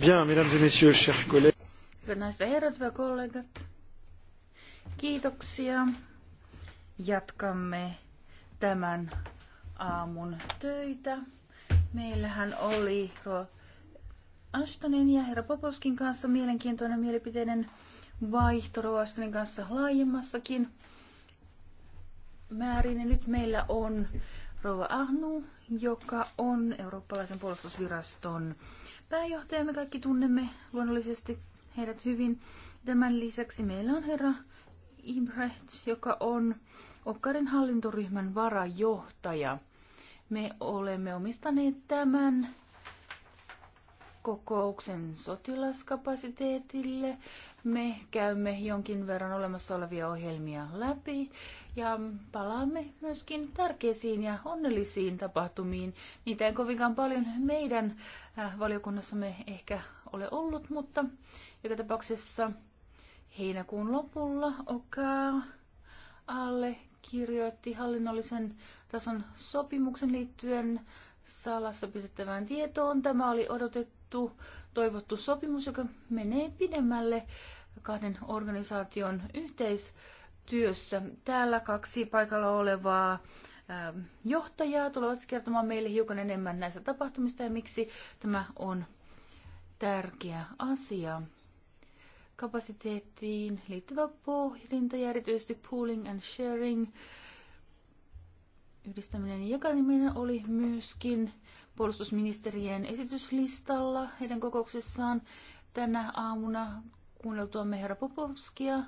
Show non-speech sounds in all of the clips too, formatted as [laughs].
Bien, mesdames et messieurs, chers collègues. Hyvät naiset ja herrat, hyvät kollegat. Kiitoksia. Jatkamme tämän aamun töitä. Meillähän oli Ashtonin ja herra Poposkin kanssa mielenkiintoinen mielipiteinen vaihto Rova Ashtonin kanssa laajemmassakin määrin. Ja nyt meillä on Rova Ahnu joka on Eurooppalaisen puolustusviraston pääjohtaja. Me kaikki tunnemme luonnollisesti heidät hyvin. Tämän lisäksi meillä on herra Imbrecht, joka on Okkarin hallintoryhmän varajohtaja. Me olemme omistaneet tämän kokouksen sotilaskapasiteetille. Me käymme jonkin verran olemassa olevia ohjelmia läpi ja palaamme myöskin tärkeisiin ja onnellisiin tapahtumiin. Niitä ei kovinkaan paljon meidän äh, valiokunnassamme ehkä ole ollut, mutta joka tapauksessa heinäkuun lopulla Oka alle kirjoitti hallinnollisen tason sopimuksen liittyen salassa pidettävään tietoon. Tämä oli odotettu, toivottu sopimus, joka menee pidemmälle kahden organisaation yhteis- työssä. Täällä kaksi paikalla olevaa ähm, johtajaa tulevat kertomaan meille hiukan enemmän näistä tapahtumista ja miksi tämä on tärkeä asia. Kapasiteettiin liittyvä pohdinta ja erityisesti pooling and sharing yhdistäminen ja jakaminen oli myöskin puolustusministerien esityslistalla heidän kokouksessaan tänä aamuna kuunneltuamme herra Popovskia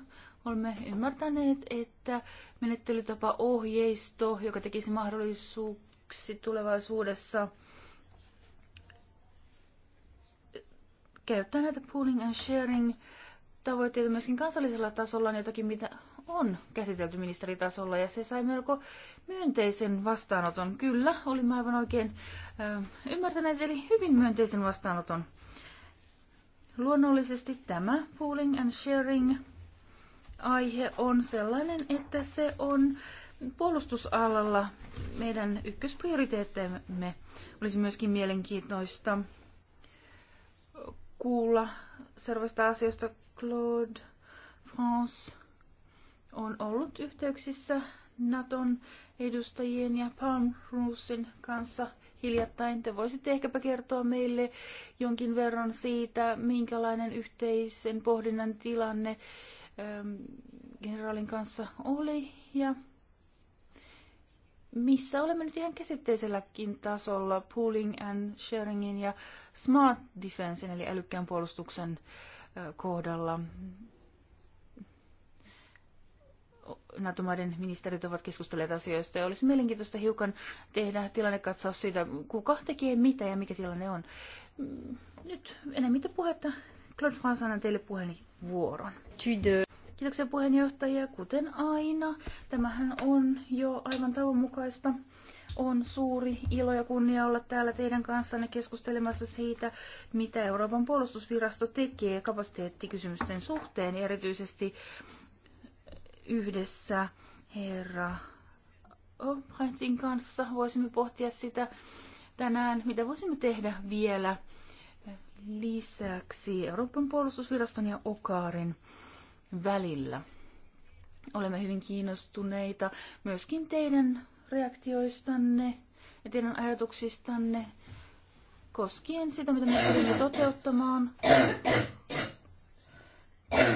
olemme ymmärtäneet, että menettelytapa ohjeisto, joka tekisi mahdollisuuksi tulevaisuudessa käyttää näitä pooling and sharing tavoitteita myöskin kansallisella tasolla on jotakin, mitä on käsitelty ministeritasolla ja se sai melko myönteisen vastaanoton. Kyllä, mä aivan oikein ö, ymmärtäneet, eli hyvin myönteisen vastaanoton. Luonnollisesti tämä pooling and sharing aihe on sellainen, että se on puolustusalalla meidän ykkösprioriteettemme. Olisi myöskin mielenkiintoista kuulla seuraavasta asioista. Claude France on ollut yhteyksissä Naton edustajien ja Palm Rusin kanssa hiljattain. Te voisitte ehkäpä kertoa meille jonkin verran siitä, minkälainen yhteisen pohdinnan tilanne generaalin kanssa oli ja missä olemme nyt ihan käsitteiselläkin tasolla pooling and sharingin ja smart defensein eli älykkään puolustuksen kohdalla. NATO-maiden ministerit ovat keskustelleet asioista ja olisi mielenkiintoista hiukan tehdä tilannekatsaus siitä, kuka tekee mitä ja mikä tilanne on. Mm, nyt enemmän puhetta. Claude Franz, teille puheeni vuoron. Kiitoksia puheenjohtajia, Kuten aina, tämähän on jo aivan tavan mukaista. On suuri ilo ja kunnia olla täällä teidän kanssanne keskustelemassa siitä, mitä Euroopan puolustusvirasto tekee kapasiteettikysymysten suhteen, erityisesti yhdessä herra Obrechtin kanssa voisimme pohtia sitä tänään, mitä voisimme tehdä vielä – lisäksi Euroopan puolustusviraston ja Okaarin välillä. Olemme hyvin kiinnostuneita myöskin teidän reaktioistanne ja teidän ajatuksistanne koskien sitä, mitä me pyrimme toteuttamaan.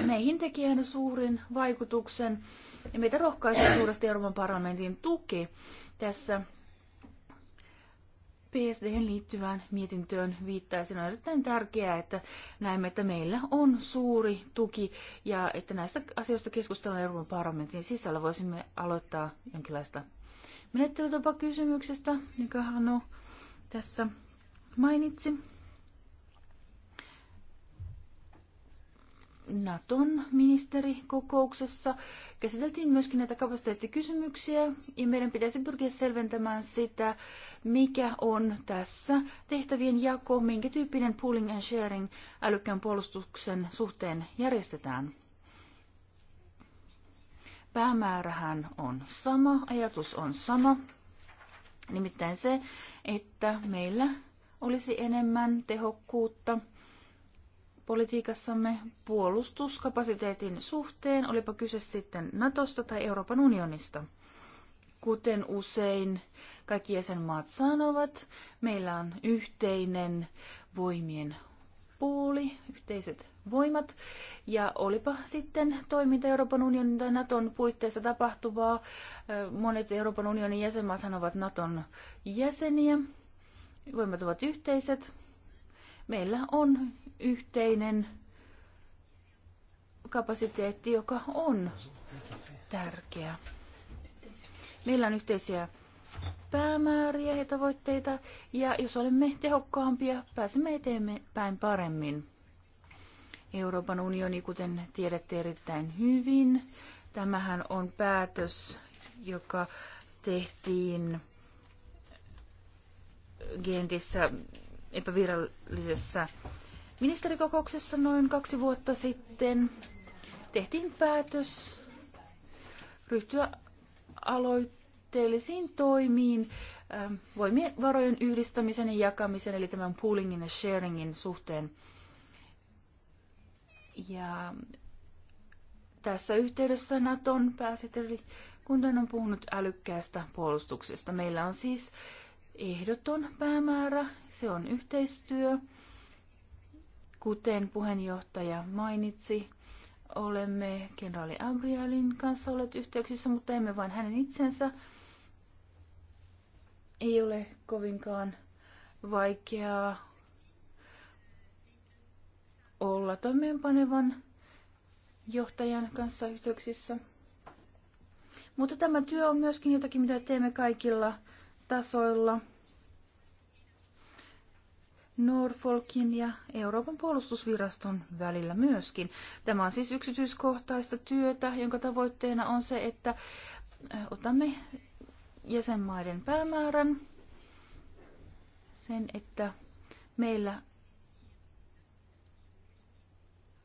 Meihin teki aina suurin vaikutuksen ja meitä rohkaisi suuresti Euroopan parlamentin tuki tässä PSDhen liittyvään mietintöön viittaisin. On erittäin tärkeää, että näemme, että meillä on suuri tuki ja että näistä asioista keskustellaan Euroopan parlamentin sisällä. Voisimme aloittaa jonkinlaista menettelytapakysymyksestä, joka Hannu tässä mainitsi. Naton ministerikokouksessa käsiteltiin myöskin näitä kapasiteettikysymyksiä ja meidän pitäisi pyrkiä selventämään sitä, mikä on tässä tehtävien jako, minkä tyyppinen pooling and sharing älykkään puolustuksen suhteen järjestetään. Päämäärähän on sama, ajatus on sama, nimittäin se, että meillä olisi enemmän tehokkuutta – politiikassamme puolustuskapasiteetin suhteen, olipa kyse sitten Natosta tai Euroopan unionista. Kuten usein kaikki jäsenmaat sanovat, meillä on yhteinen voimien puoli, yhteiset voimat, ja olipa sitten toiminta Euroopan unionin tai Naton puitteissa tapahtuvaa. Monet Euroopan unionin jäsenmaathan ovat Naton jäseniä, voimat ovat yhteiset, meillä on yhteinen kapasiteetti, joka on tärkeä. Meillä on yhteisiä päämääriä ja tavoitteita, ja jos olemme tehokkaampia, pääsemme eteenpäin paremmin. Euroopan unioni, kuten tiedätte erittäin hyvin, tämähän on päätös, joka tehtiin Gentissä epävirallisessa ministerikokouksessa noin kaksi vuotta sitten tehtiin päätös ryhtyä aloitteellisiin toimiin ähm, voimien varojen yhdistämisen ja jakamisen, eli tämän poolingin ja sharingin suhteen. Ja tässä yhteydessä Naton pääsihteeri kun on puhunut älykkäästä puolustuksesta. Meillä on siis ehdoton päämäärä, se on yhteistyö. Kuten puheenjohtaja mainitsi, olemme kenraali Abrialin kanssa olleet yhteyksissä, mutta emme vain hänen itsensä. Ei ole kovinkaan vaikeaa olla toimeenpanevan johtajan kanssa yhteyksissä. Mutta tämä työ on myöskin jotakin, mitä teemme kaikilla tasoilla. Norfolkin ja Euroopan puolustusviraston välillä myöskin. Tämä on siis yksityiskohtaista työtä, jonka tavoitteena on se, että äh, otamme jäsenmaiden päämäärän sen, että meillä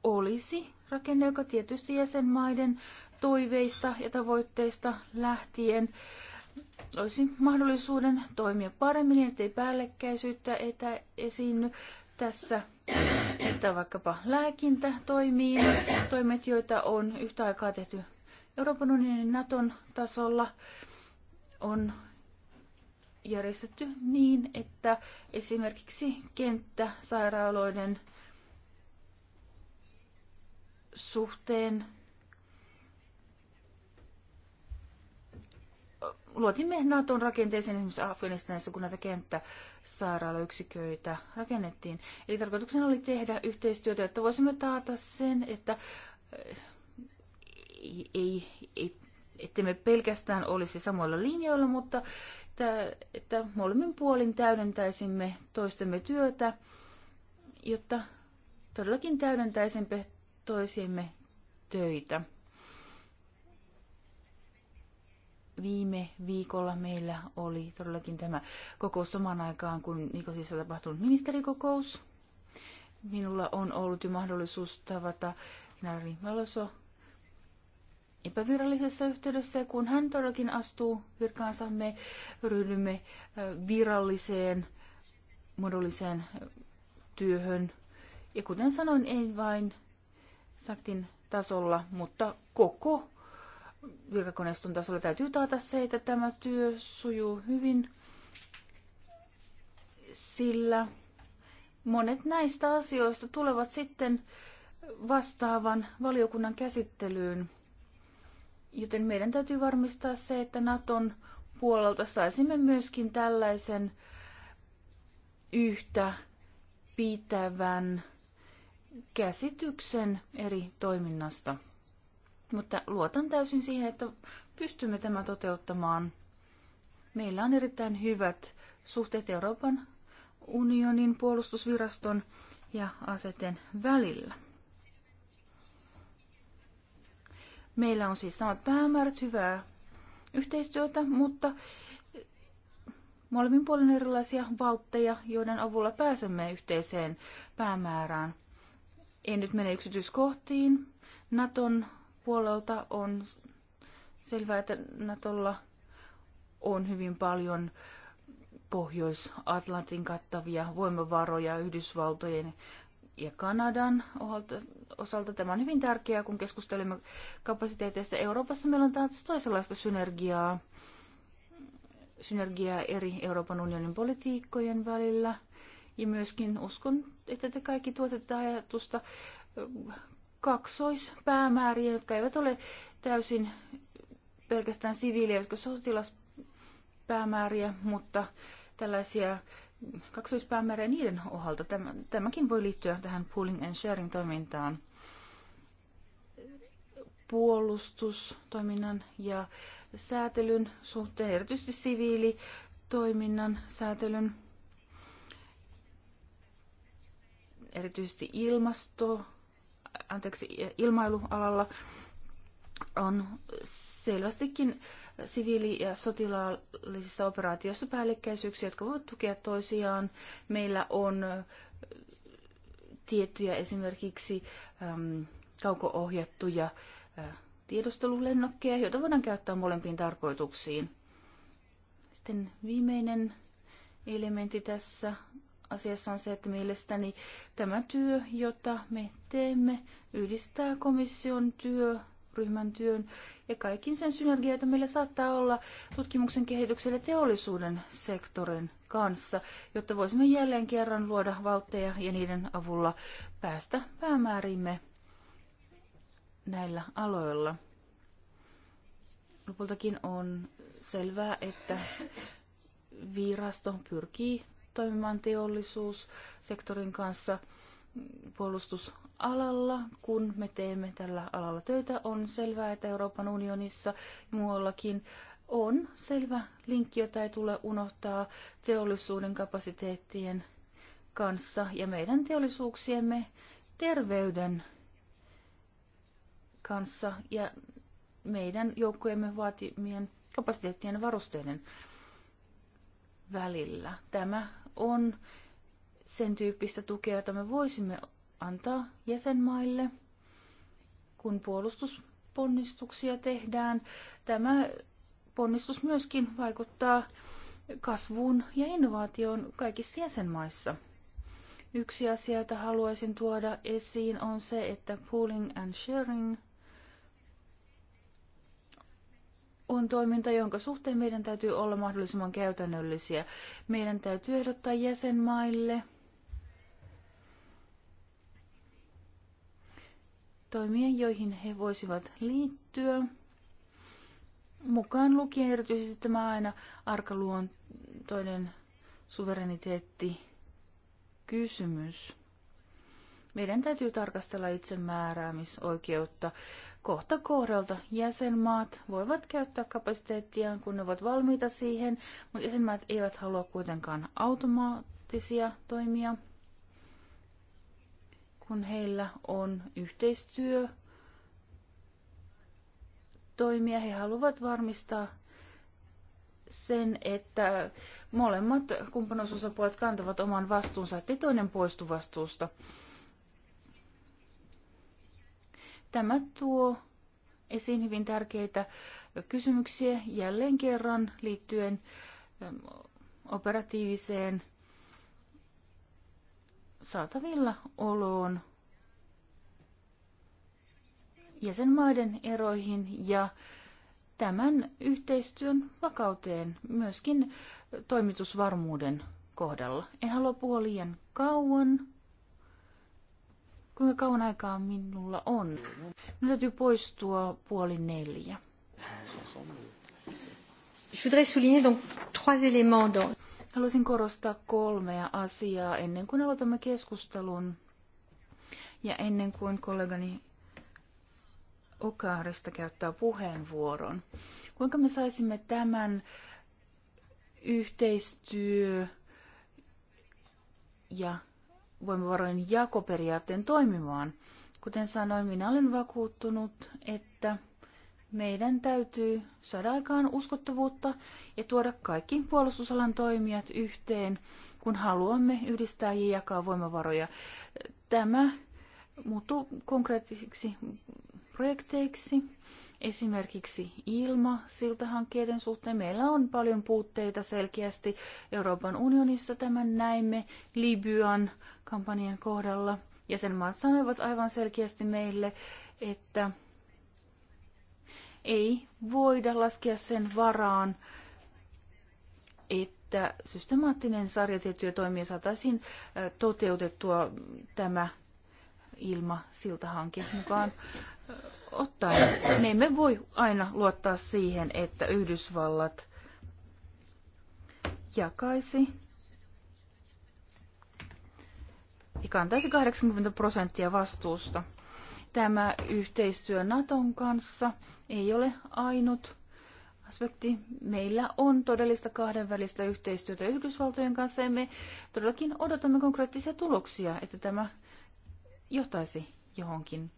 olisi rakenne, joka tietysti jäsenmaiden toiveista ja tavoitteista lähtien äh, olisi mahdollisuuden toimia paremmin, niin ettei päällekkäisyyttä etä esiinny tässä, että vaikkapa lääkintä toimii, toimet, joita on yhtä aikaa tehty Euroopan unionin Naton tasolla, on järjestetty niin, että esimerkiksi kenttä sairaaloiden suhteen luotimme Naton rakenteeseen esimerkiksi Afganistanissa, kun näitä kenttäsairaaloyksiköitä rakennettiin. Eli tarkoituksena oli tehdä yhteistyötä, että voisimme taata sen, että eh, ei, ei, ei että me pelkästään olisi samoilla linjoilla, mutta että, että molemmin puolin täydentäisimme toistemme työtä, jotta todellakin täydentäisimme toisiimme töitä. viime viikolla meillä oli todellakin tämä kokous samaan aikaan kuin Nikosissa tapahtunut ministerikokous. Minulla on ollut jo mahdollisuus tavata Nari Valoso epävirallisessa yhteydessä, kun hän todellakin astuu virkaansa, me ryhdymme viralliseen muodolliseen työhön. Ja kuten sanoin, ei vain saktin tasolla, mutta koko virkakoneiston tasolla täytyy taata se, että tämä työ sujuu hyvin, sillä monet näistä asioista tulevat sitten vastaavan valiokunnan käsittelyyn, joten meidän täytyy varmistaa se, että Naton puolelta saisimme myöskin tällaisen yhtä pitävän käsityksen eri toiminnasta mutta luotan täysin siihen, että pystymme tämän toteuttamaan. Meillä on erittäin hyvät suhteet Euroopan unionin puolustusviraston ja aseten välillä. Meillä on siis samat päämäärät, hyvää yhteistyötä, mutta molemmin puolin erilaisia valtteja, joiden avulla pääsemme yhteiseen päämäärään. En nyt mene yksityiskohtiin. Naton puolelta on selvää, että Natolla on hyvin paljon Pohjois-Atlantin kattavia voimavaroja Yhdysvaltojen ja Kanadan osalta. Tämä on hyvin tärkeää, kun keskustelemme kapasiteeteista Euroopassa. Meillä on taas toisenlaista synergiaa, synergiaa eri Euroopan unionin politiikkojen välillä. Ja myöskin uskon, että te kaikki tuotetta ajatusta kaksoispäämääriä, jotka eivät ole täysin pelkästään siviiliä, jotka sotilaspäämääriä, mutta tällaisia kaksoispäämääriä niiden ohalta. Tämäkin voi liittyä tähän pooling and sharing toimintaan puolustustoiminnan ja säätelyn suhteen, erityisesti siviilitoiminnan säätelyn, erityisesti ilmasto, anteeksi, ilmailualalla on selvästikin siviili- ja sotilaallisissa operaatioissa päällekkäisyyksiä, jotka voivat tukea toisiaan. Meillä on tiettyjä esimerkiksi äm, kauko-ohjattuja ä, tiedustelulennokkeja, joita voidaan käyttää molempiin tarkoituksiin. Sitten viimeinen elementti tässä asiassa on se, että mielestäni tämä työ, jota me teemme, yhdistää komission työryhmän työn ja kaikin sen synergia, jota meillä saattaa olla tutkimuksen kehityksellä teollisuuden sektorin kanssa, jotta voisimme jälleen kerran luoda valtteja ja niiden avulla päästä päämäärimme näillä aloilla. Lopultakin on selvää, että virasto pyrkii toimimaan teollisuussektorin kanssa puolustusalalla, kun me teemme tällä alalla töitä. On selvää, että Euroopan unionissa ja muuallakin on selvä linkki, jota ei tule unohtaa teollisuuden kapasiteettien kanssa ja meidän teollisuuksiemme terveyden kanssa ja meidän joukkojemme vaatimien kapasiteettien varusteiden välillä. Tämä on sen tyyppistä tukea, jota me voisimme antaa jäsenmaille, kun puolustusponnistuksia tehdään. Tämä ponnistus myöskin vaikuttaa kasvuun ja innovaatioon kaikissa jäsenmaissa. Yksi asia, jota haluaisin tuoda esiin, on se, että pooling and sharing – on toiminta, jonka suhteen meidän täytyy olla mahdollisimman käytännöllisiä. Meidän täytyy ehdottaa jäsenmaille toimia, joihin he voisivat liittyä. Mukaan lukien erityisesti tämä aina arkaluontoinen suvereniteetti kysymys. Meidän täytyy tarkastella itsemääräämisoikeutta kohta kohdalta. Jäsenmaat voivat käyttää kapasiteettiaan, kun ne ovat valmiita siihen, mutta jäsenmaat eivät halua kuitenkaan automaattisia toimia, kun heillä on yhteistyö toimia. He haluavat varmistaa sen, että molemmat kumppanuusosapuolet kantavat oman vastuunsa, ettei toinen poistu vastuusta. Tämä tuo esiin hyvin tärkeitä kysymyksiä jälleen kerran liittyen ähm, operatiiviseen saatavilla oloon, jäsenmaiden eroihin ja tämän yhteistyön vakauteen myöskin toimitusvarmuuden kohdalla. En halua puhua liian kauan. Kuinka kauan aikaa minulla on? Minun täytyy poistua puoli neljä. Je voudrais souligner donc trois éléments dans... Haluaisin korostaa kolmea asiaa ennen kuin aloitamme keskustelun ja ennen kuin kollegani Okaarista käyttää puheenvuoron. Kuinka me saisimme tämän yhteistyö ja voimavarojen jakoperiaatteen toimimaan. Kuten sanoin, minä olen vakuuttunut, että meidän täytyy saada aikaan uskottavuutta ja tuoda kaikki puolustusalan toimijat yhteen, kun haluamme yhdistää ja jakaa voimavaroja. Tämä muuttuu konkreettiseksi projekteiksi. Esimerkiksi ilma siltahankkeiden suhteen meillä on paljon puutteita selkeästi. Euroopan unionissa tämän näimme Libyan kampanjan kohdalla. Jäsenmaat sanoivat aivan selkeästi meille, että ei voida laskea sen varaan, että systemaattinen sarjatyötoimia saataisiin toteutettua tämä ilma siltahanke mukaan ottaa. Me emme voi aina luottaa siihen, että Yhdysvallat jakaisi ja kantaisi 80 prosenttia vastuusta. Tämä yhteistyö Naton kanssa ei ole ainut aspekti. Meillä on todellista kahdenvälistä yhteistyötä Yhdysvaltojen kanssa ja me todellakin odotamme konkreettisia tuloksia, että tämä johtaisi johonkin.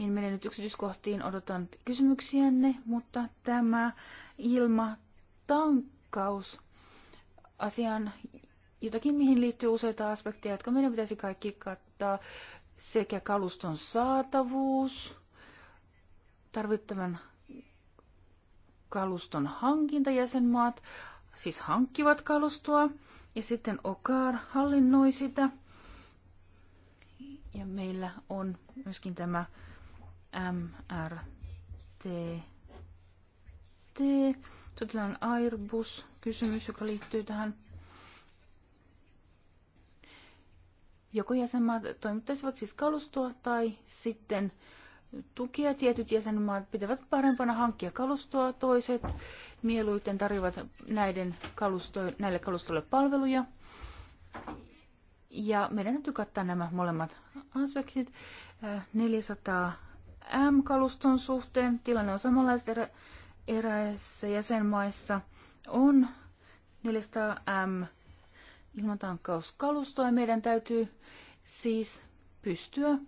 En mene nyt yksityiskohtiin, odotan kysymyksiänne, mutta tämä ilmatankkaus asian jotakin, mihin liittyy useita aspekteja, jotka meidän pitäisi kaikki kattaa, sekä kaluston saatavuus, tarvittavan kaluston hankinta jäsenmaat, siis hankkivat kalustoa, ja sitten OKAR hallinnoi sitä. Ja meillä on myöskin tämä MRTT. on Airbus-kysymys, joka liittyy tähän. Joko jäsenmaat toimittaisivat siis kalustoa tai sitten tukia. Tietyt jäsenmaat pitävät parempana hankkia kalustoa, toiset mieluiten tarjoavat näiden kalusto, näille kalustolle palveluja. Ja meidän täytyy kattaa nämä molemmat aspektit. 400 äh, M-kaluston suhteen. Tilanne on samanlaista eräissä jäsenmaissa. On 400 M ilmatankkauskalustoa ja meidän täytyy siis pystyä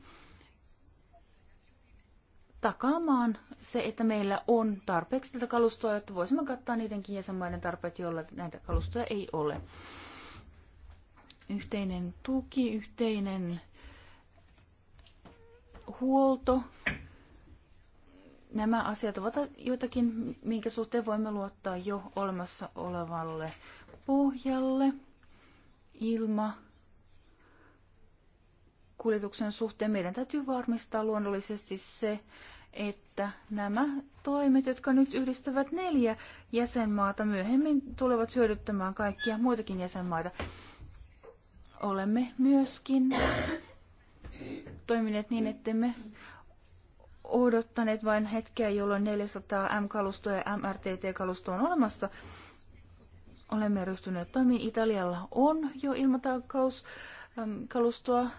takaamaan se, että meillä on tarpeeksi tätä kalustoa, jotta voisimme kattaa niidenkin jäsenmaiden tarpeet, joilla näitä kalustoja ei ole. Yhteinen tuki, yhteinen huolto Nämä asiat ovat joitakin, minkä suhteen voimme luottaa jo olemassa olevalle pohjalle. Ilma kuljetuksen suhteen meidän täytyy varmistaa luonnollisesti se, että nämä toimet, jotka nyt yhdistävät neljä jäsenmaata, myöhemmin tulevat hyödyttämään kaikkia muitakin jäsenmaita. Olemme myöskin toimineet niin, että me odottaneet vain hetkeä, jolloin 400 M-kalustoa ja MRTT-kalustoa on olemassa. Olemme ryhtyneet toimiin. Italialla on jo ilmataakkaus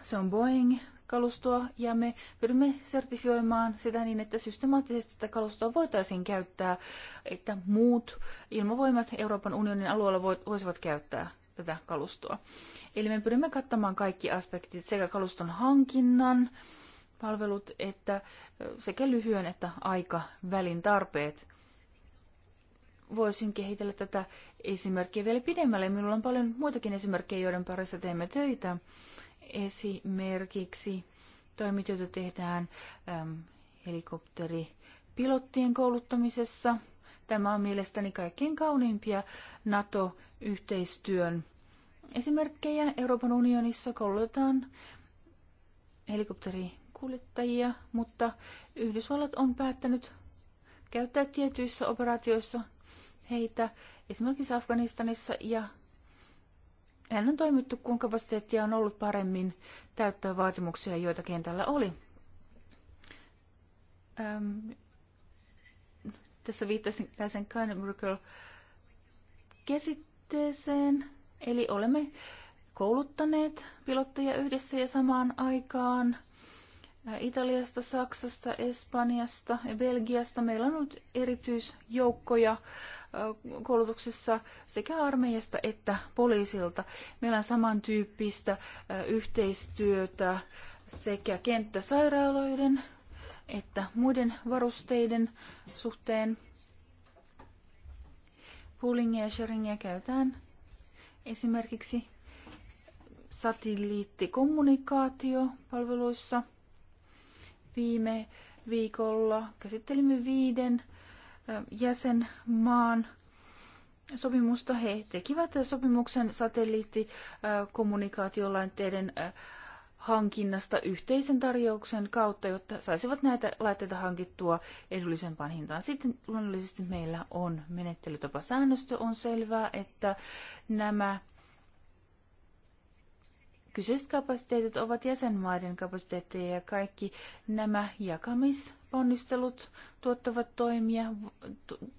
se on Boeing-kalustoa, ja me pyrimme sertifioimaan sitä niin, että systemaattisesti tätä kalustoa voitaisiin käyttää, että muut ilmavoimat Euroopan unionin alueella voisivat käyttää tätä kalustoa. Eli me pyrimme kattamaan kaikki aspektit sekä kaluston hankinnan, palvelut että sekä lyhyen että aikavälin tarpeet. Voisin kehitellä tätä esimerkkiä vielä pidemmälle. Minulla on paljon muitakin esimerkkejä, joiden parissa teemme töitä. Esimerkiksi toimit, tehdään äm, helikopteripilottien kouluttamisessa. Tämä on mielestäni kaikkein kauniimpia NATO-yhteistyön esimerkkejä. Euroopan unionissa koulutetaan helikopteri kuljettajia, mutta Yhdysvallat on päättänyt käyttää tietyissä operaatioissa heitä, esimerkiksi Afganistanissa, ja hän on toimittu, kun kapasiteettia on ollut paremmin täyttää vaatimuksia, joita kentällä oli. Ähm, tässä viittasin tällaisen miracle käsitteeseen, eli olemme kouluttaneet pilotteja yhdessä ja samaan aikaan – Italiasta, Saksasta, Espanjasta ja Belgiasta. Meillä on ollut erityisjoukkoja koulutuksessa sekä armeijasta että poliisilta. Meillä on samantyyppistä yhteistyötä sekä kenttäsairaaloiden että muiden varusteiden suhteen. Poolingia ja sharingia käytetään esimerkiksi satelliittikommunikaatiopalveluissa – Viime viikolla käsittelimme viiden jäsenmaan sopimusta. He tekivät sopimuksen satelliittikommunikaatiolaitteiden hankinnasta yhteisen tarjouksen kautta, jotta saisivat näitä laitteita hankittua edullisempaan hintaan. Sitten luonnollisesti meillä on säännöstö. On selvää, että nämä Kyseiset kapasiteetit ovat jäsenmaiden kapasiteetteja ja kaikki nämä jakamisponnistelut tuottavat toimia,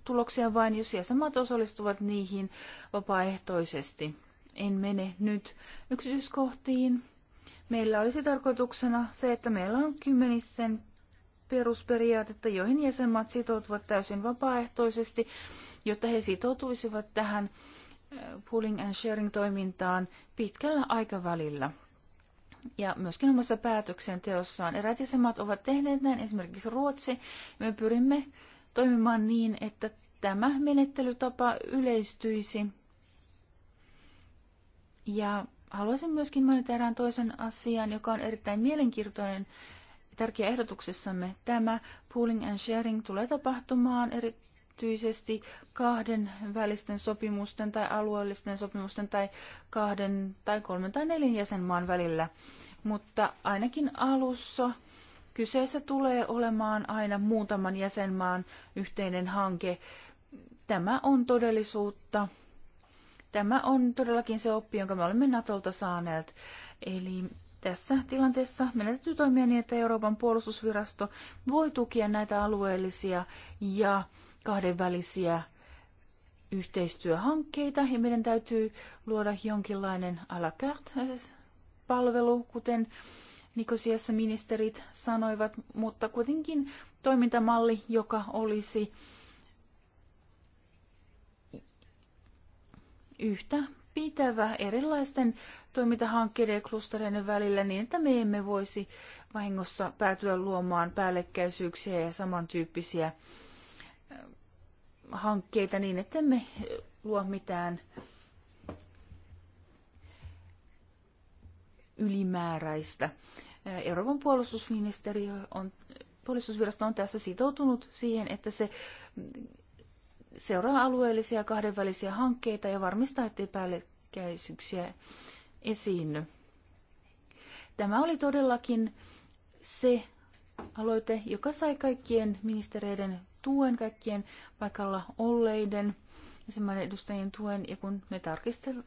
tuloksia vain, jos jäsenmaat osallistuvat niihin vapaaehtoisesti. En mene nyt yksityiskohtiin. Meillä olisi tarkoituksena se, että meillä on kymmenisen perusperiaatetta, joihin jäsenmaat sitoutuvat täysin vapaaehtoisesti, jotta he sitoutuisivat tähän pooling and sharing toimintaan pitkällä aikavälillä. Ja myöskin omassa päätöksenteossaan eräät jäsenmaat ovat tehneet näin, esimerkiksi Ruotsi. Me pyrimme toimimaan niin, että tämä menettelytapa yleistyisi. Ja haluaisin myöskin mainita erään toisen asian, joka on erittäin mielenkiintoinen tärkeä ehdotuksessamme. Tämä pooling and sharing tulee tapahtumaan eri erityisesti kahden välisten sopimusten tai alueellisten sopimusten tai kahden tai kolmen tai neljän jäsenmaan välillä. Mutta ainakin alussa kyseessä tulee olemaan aina muutaman jäsenmaan yhteinen hanke. Tämä on todellisuutta. Tämä on todellakin se oppi, jonka me olemme Natolta saaneet. Eli tässä tilanteessa meidän täytyy toimia niin, että Euroopan puolustusvirasto voi tukea näitä alueellisia ja kahdenvälisiä yhteistyöhankkeita ja meidän täytyy luoda jonkinlainen à la carte-palvelu, kuten Nikosiassa ministerit sanoivat, mutta kuitenkin toimintamalli, joka olisi yhtä pitävä erilaisten toimintahankkeiden ja klustereiden välillä niin, että me emme voisi vahingossa päätyä luomaan päällekkäisyyksiä ja samantyyppisiä hankkeita niin, että emme luo mitään ylimääräistä. Euroopan puolustusministeriö on, puolustusvirasto on tässä sitoutunut siihen, että se seuraa alueellisia kahdenvälisiä hankkeita ja varmistaa, ettei päällekkäisyyksiä esiinny. Tämä oli todellakin se aloite, joka sai kaikkien ministereiden tuen, kaikkien paikalla olleiden jäsenmaiden edustajien tuen. Ja kun me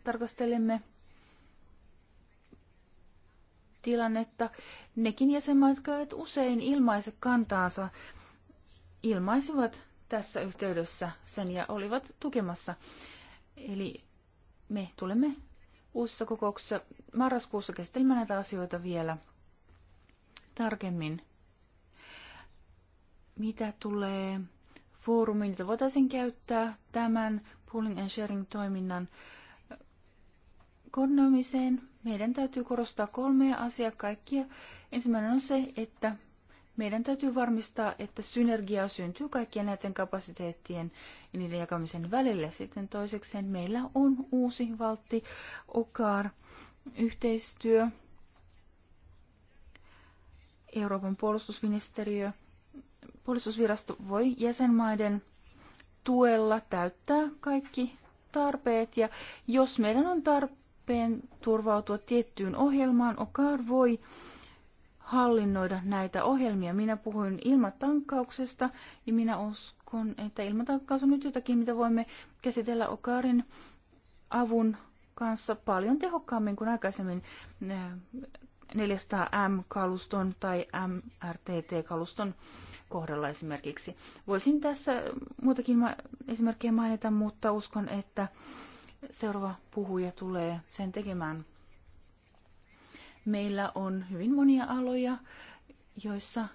tarkastelemme tilannetta, nekin jäsenmaat, jotka eivät usein ilmaise kantaansa, ilmaisivat tässä yhteydessä sen ja olivat tukemassa. Eli me tulemme uusissa kokouksissa marraskuussa käsittelemään näitä asioita vielä tarkemmin mitä tulee foorumiin, jota voitaisiin käyttää tämän pooling and sharing-toiminnan äh, koordinoimiseen, meidän täytyy korostaa kolmea asiaa kaikkia. Ensimmäinen on se, että meidän täytyy varmistaa, että synergiaa syntyy kaikkien näiden kapasiteettien ja niiden jakamisen välille. Sitten toisekseen meillä on uusi valtti, OKAR, yhteistyö, Euroopan puolustusministeriö Puolustusvirasto voi jäsenmaiden tuella täyttää kaikki tarpeet ja jos meidän on tarpeen turvautua tiettyyn ohjelmaan, OCAR voi hallinnoida näitä ohjelmia. Minä puhuin ilmatankkauksesta ja minä uskon, että ilmatankkaus on nyt jotakin, mitä voimme käsitellä Okarin avun kanssa paljon tehokkaammin kuin aikaisemmin äh, 400M-kaluston tai MRTT-kaluston kohdalla esimerkiksi. Voisin tässä muutakin esimerkkejä mainita, mutta uskon, että seuraava puhuja tulee sen tekemään. Meillä on hyvin monia aloja, joissa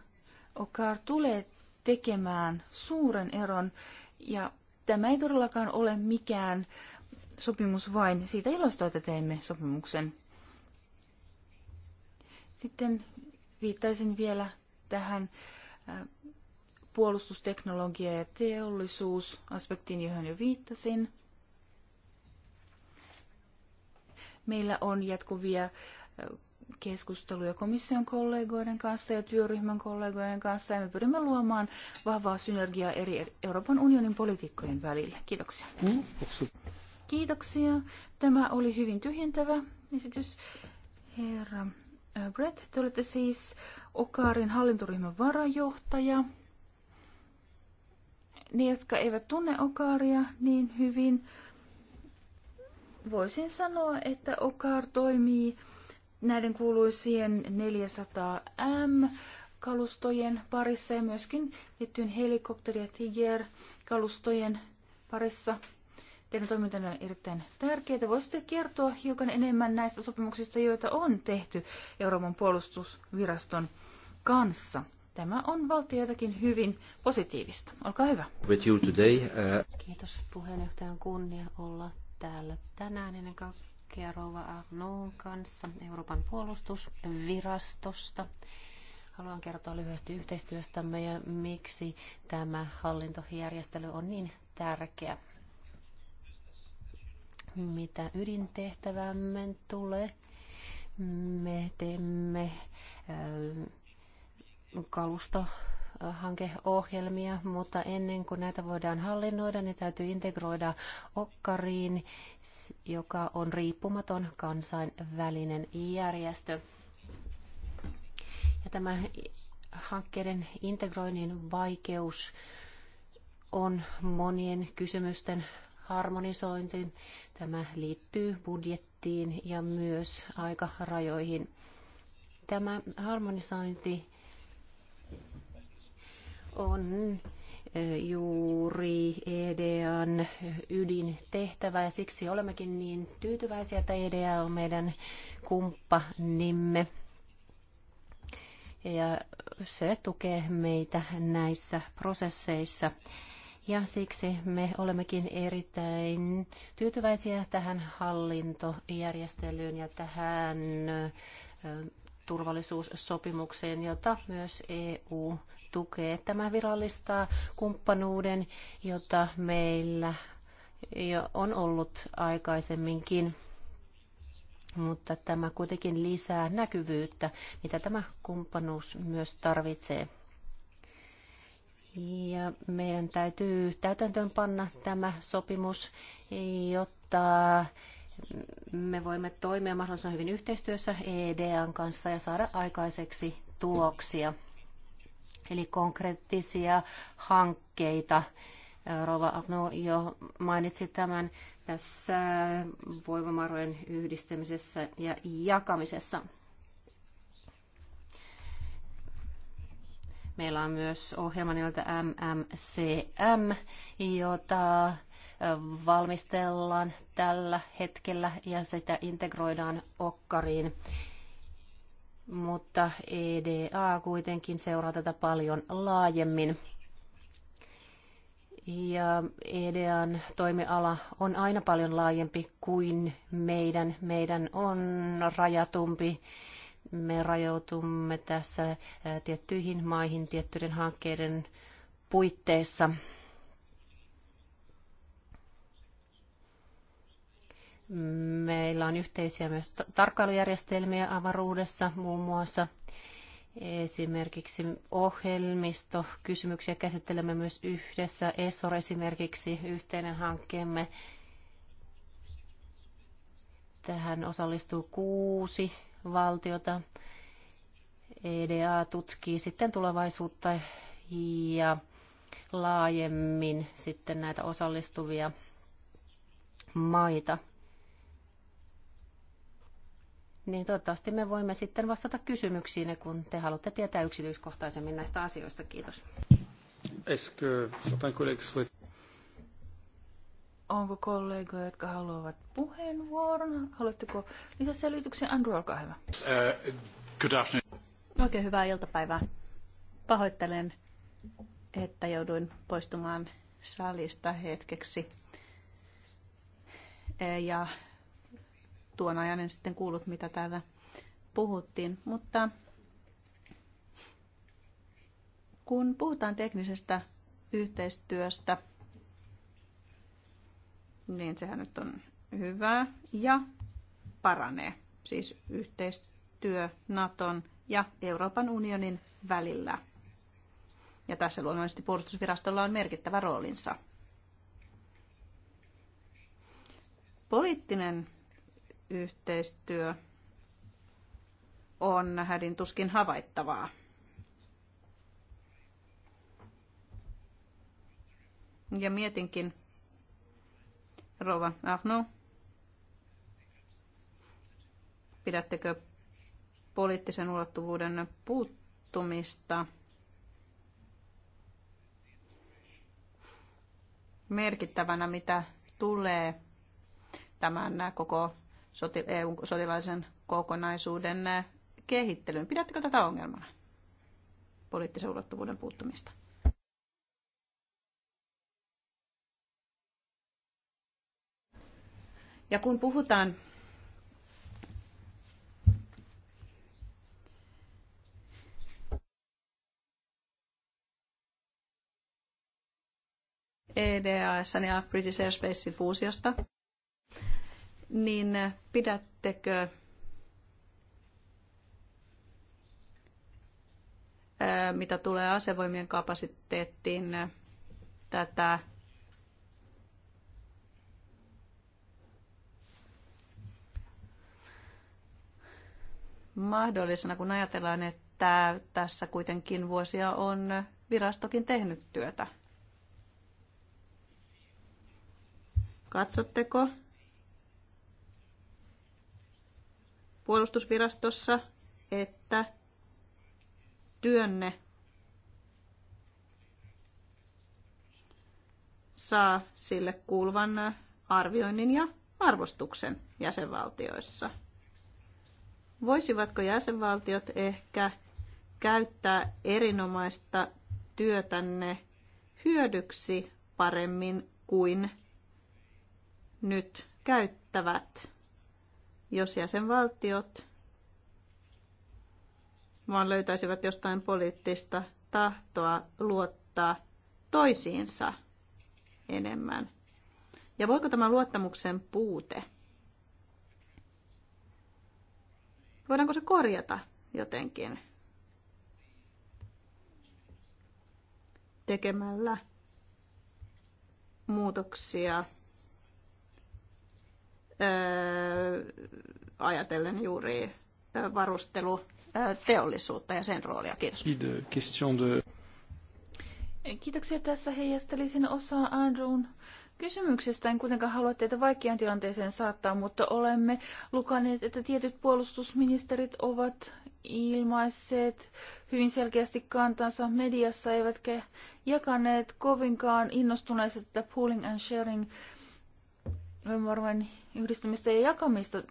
OCAR tulee tekemään suuren eron, ja tämä ei todellakaan ole mikään sopimus vain siitä ilosta, että teemme sopimuksen sitten viittaisin vielä tähän äh, puolustusteknologia- ja teollisuusaspektiin, johon jo viittasin. Meillä on jatkuvia äh, keskusteluja komission kollegoiden kanssa ja työryhmän kollegoiden kanssa, ja me pyrimme luomaan vahvaa synergiaa eri Euroopan unionin politiikkojen välillä. Kiitoksia. Kiitoksia. Tämä oli hyvin tyhjentävä esitys. Herra Äh, Brett, te olette siis Okaarin hallintoryhmän varajohtaja. Ne, jotka eivät tunne Okaaria niin hyvin, voisin sanoa, että Okaar toimii näiden kuuluisien 400M kalustojen parissa ja myöskin liittyen helikopteri- ja Tiger-kalustojen parissa – Teidän toimintanne on erittäin tärkeää. Voisitte kertoa hiukan enemmän näistä sopimuksista, joita on tehty Euroopan puolustusviraston kanssa. Tämä on valtioitakin hyvin positiivista. Olkaa hyvä. With you today, uh... Kiitos puheenjohtajan kunnia olla täällä tänään ennen kaikkea Rouva Arnon kanssa Euroopan puolustusvirastosta. Haluan kertoa lyhyesti yhteistyöstämme ja miksi tämä hallintojärjestely on niin tärkeä mitä ydintehtävämme tulee. Me teemme ähm, kalustohankeohjelmia, mutta ennen kuin näitä voidaan hallinnoida, ne täytyy integroida Okkariin, joka on riippumaton kansainvälinen järjestö. Ja tämä hankkeiden integroinnin vaikeus on monien kysymysten harmonisointi, Tämä liittyy budjettiin ja myös aikarajoihin. Tämä harmonisointi on juuri EDAn ydintehtävä ja siksi olemmekin niin tyytyväisiä, että EDA on meidän kumppanimme. Ja se tukee meitä näissä prosesseissa. Ja siksi me olemmekin erittäin tyytyväisiä tähän hallintojärjestelyyn ja tähän turvallisuussopimukseen, jota myös EU tukee. Tämä virallistaa kumppanuuden, jota meillä jo on ollut aikaisemminkin, mutta tämä kuitenkin lisää näkyvyyttä, mitä tämä kumppanuus myös tarvitsee. Ja meidän täytyy täytäntöön panna tämä sopimus, jotta me voimme toimia mahdollisimman hyvin yhteistyössä EDAn kanssa ja saada aikaiseksi tuloksia. Eli konkreettisia hankkeita. Rova Agno jo mainitsi tämän tässä voimavarojen yhdistämisessä ja jakamisessa. Meillä on myös ohjelma nimeltä MMCM, jota valmistellaan tällä hetkellä ja sitä integroidaan okkariin. Mutta EDA kuitenkin seuraa tätä paljon laajemmin. Ja EDAn toimiala on aina paljon laajempi kuin meidän. Meidän on rajatumpi me rajoitumme tässä tiettyihin maihin tiettyjen hankkeiden puitteissa. Meillä on yhteisiä myös tarkkailujärjestelmiä avaruudessa muun muassa. Esimerkiksi ohjelmisto. Kysymyksiä käsittelemme myös yhdessä. ESOR esimerkiksi yhteinen hankkeemme. Tähän osallistuu kuusi valtiota. EDA tutkii sitten tulevaisuutta ja laajemmin sitten näitä osallistuvia maita. Niin toivottavasti me voimme sitten vastata kysymyksiin, kun te haluatte tietää yksityiskohtaisemmin näistä asioista. Kiitos. Onko kollegoja, jotka haluavat puheenvuoron? Haluatteko lisäselityksen Andrew, olkaa hyvä. Uh, good afternoon. Oikein hyvää iltapäivää. Pahoittelen, että jouduin poistumaan salista hetkeksi. E, ja tuon ajan en sitten kuullut, mitä täällä puhuttiin. Mutta kun puhutaan teknisestä yhteistyöstä – niin sehän nyt on hyvä ja paranee. Siis yhteistyö Naton ja Euroopan unionin välillä. Ja tässä luonnollisesti puolustusvirastolla on merkittävä roolinsa. Poliittinen yhteistyö on hädin tuskin havaittavaa. Ja mietinkin, Rova Ahno, pidättekö poliittisen ulottuvuuden puuttumista merkittävänä, mitä tulee tämän koko sotilaisen kokonaisuuden kehittelyyn. Pidättekö tätä ongelmana, poliittisen ulottuvuuden puuttumista? Ja kun puhutaan EDAS ja British Airspacein fuusiosta, niin pidättekö mitä tulee asevoimien kapasiteettiin tätä mahdollisena, kun ajatellaan, että tässä kuitenkin vuosia on virastokin tehnyt työtä? Katsotteko puolustusvirastossa, että työnne saa sille kuuluvan arvioinnin ja arvostuksen jäsenvaltioissa? Voisivatko jäsenvaltiot ehkä käyttää erinomaista työtänne hyödyksi paremmin kuin nyt käyttävät, jos jäsenvaltiot vaan löytäisivät jostain poliittista tahtoa luottaa toisiinsa enemmän. Ja voiko tämä luottamuksen puute Voidaanko se korjata jotenkin? Tekemällä muutoksia öö, ajatellen juuri varusteluteollisuutta ja sen roolia. Kiitos. Kiitoksia. Tässä heijastelisin osaa Andrewn kysymyksestä. En kuitenkaan halua teitä vaikeaan tilanteeseen saattaa, mutta olemme lukaneet, että tietyt puolustusministerit ovat ilmaisseet hyvin selkeästi kantansa mediassa, eivätkä jakaneet kovinkaan innostuneista tätä pooling and sharing varmaan ähm, yhdistämistä ja jakamista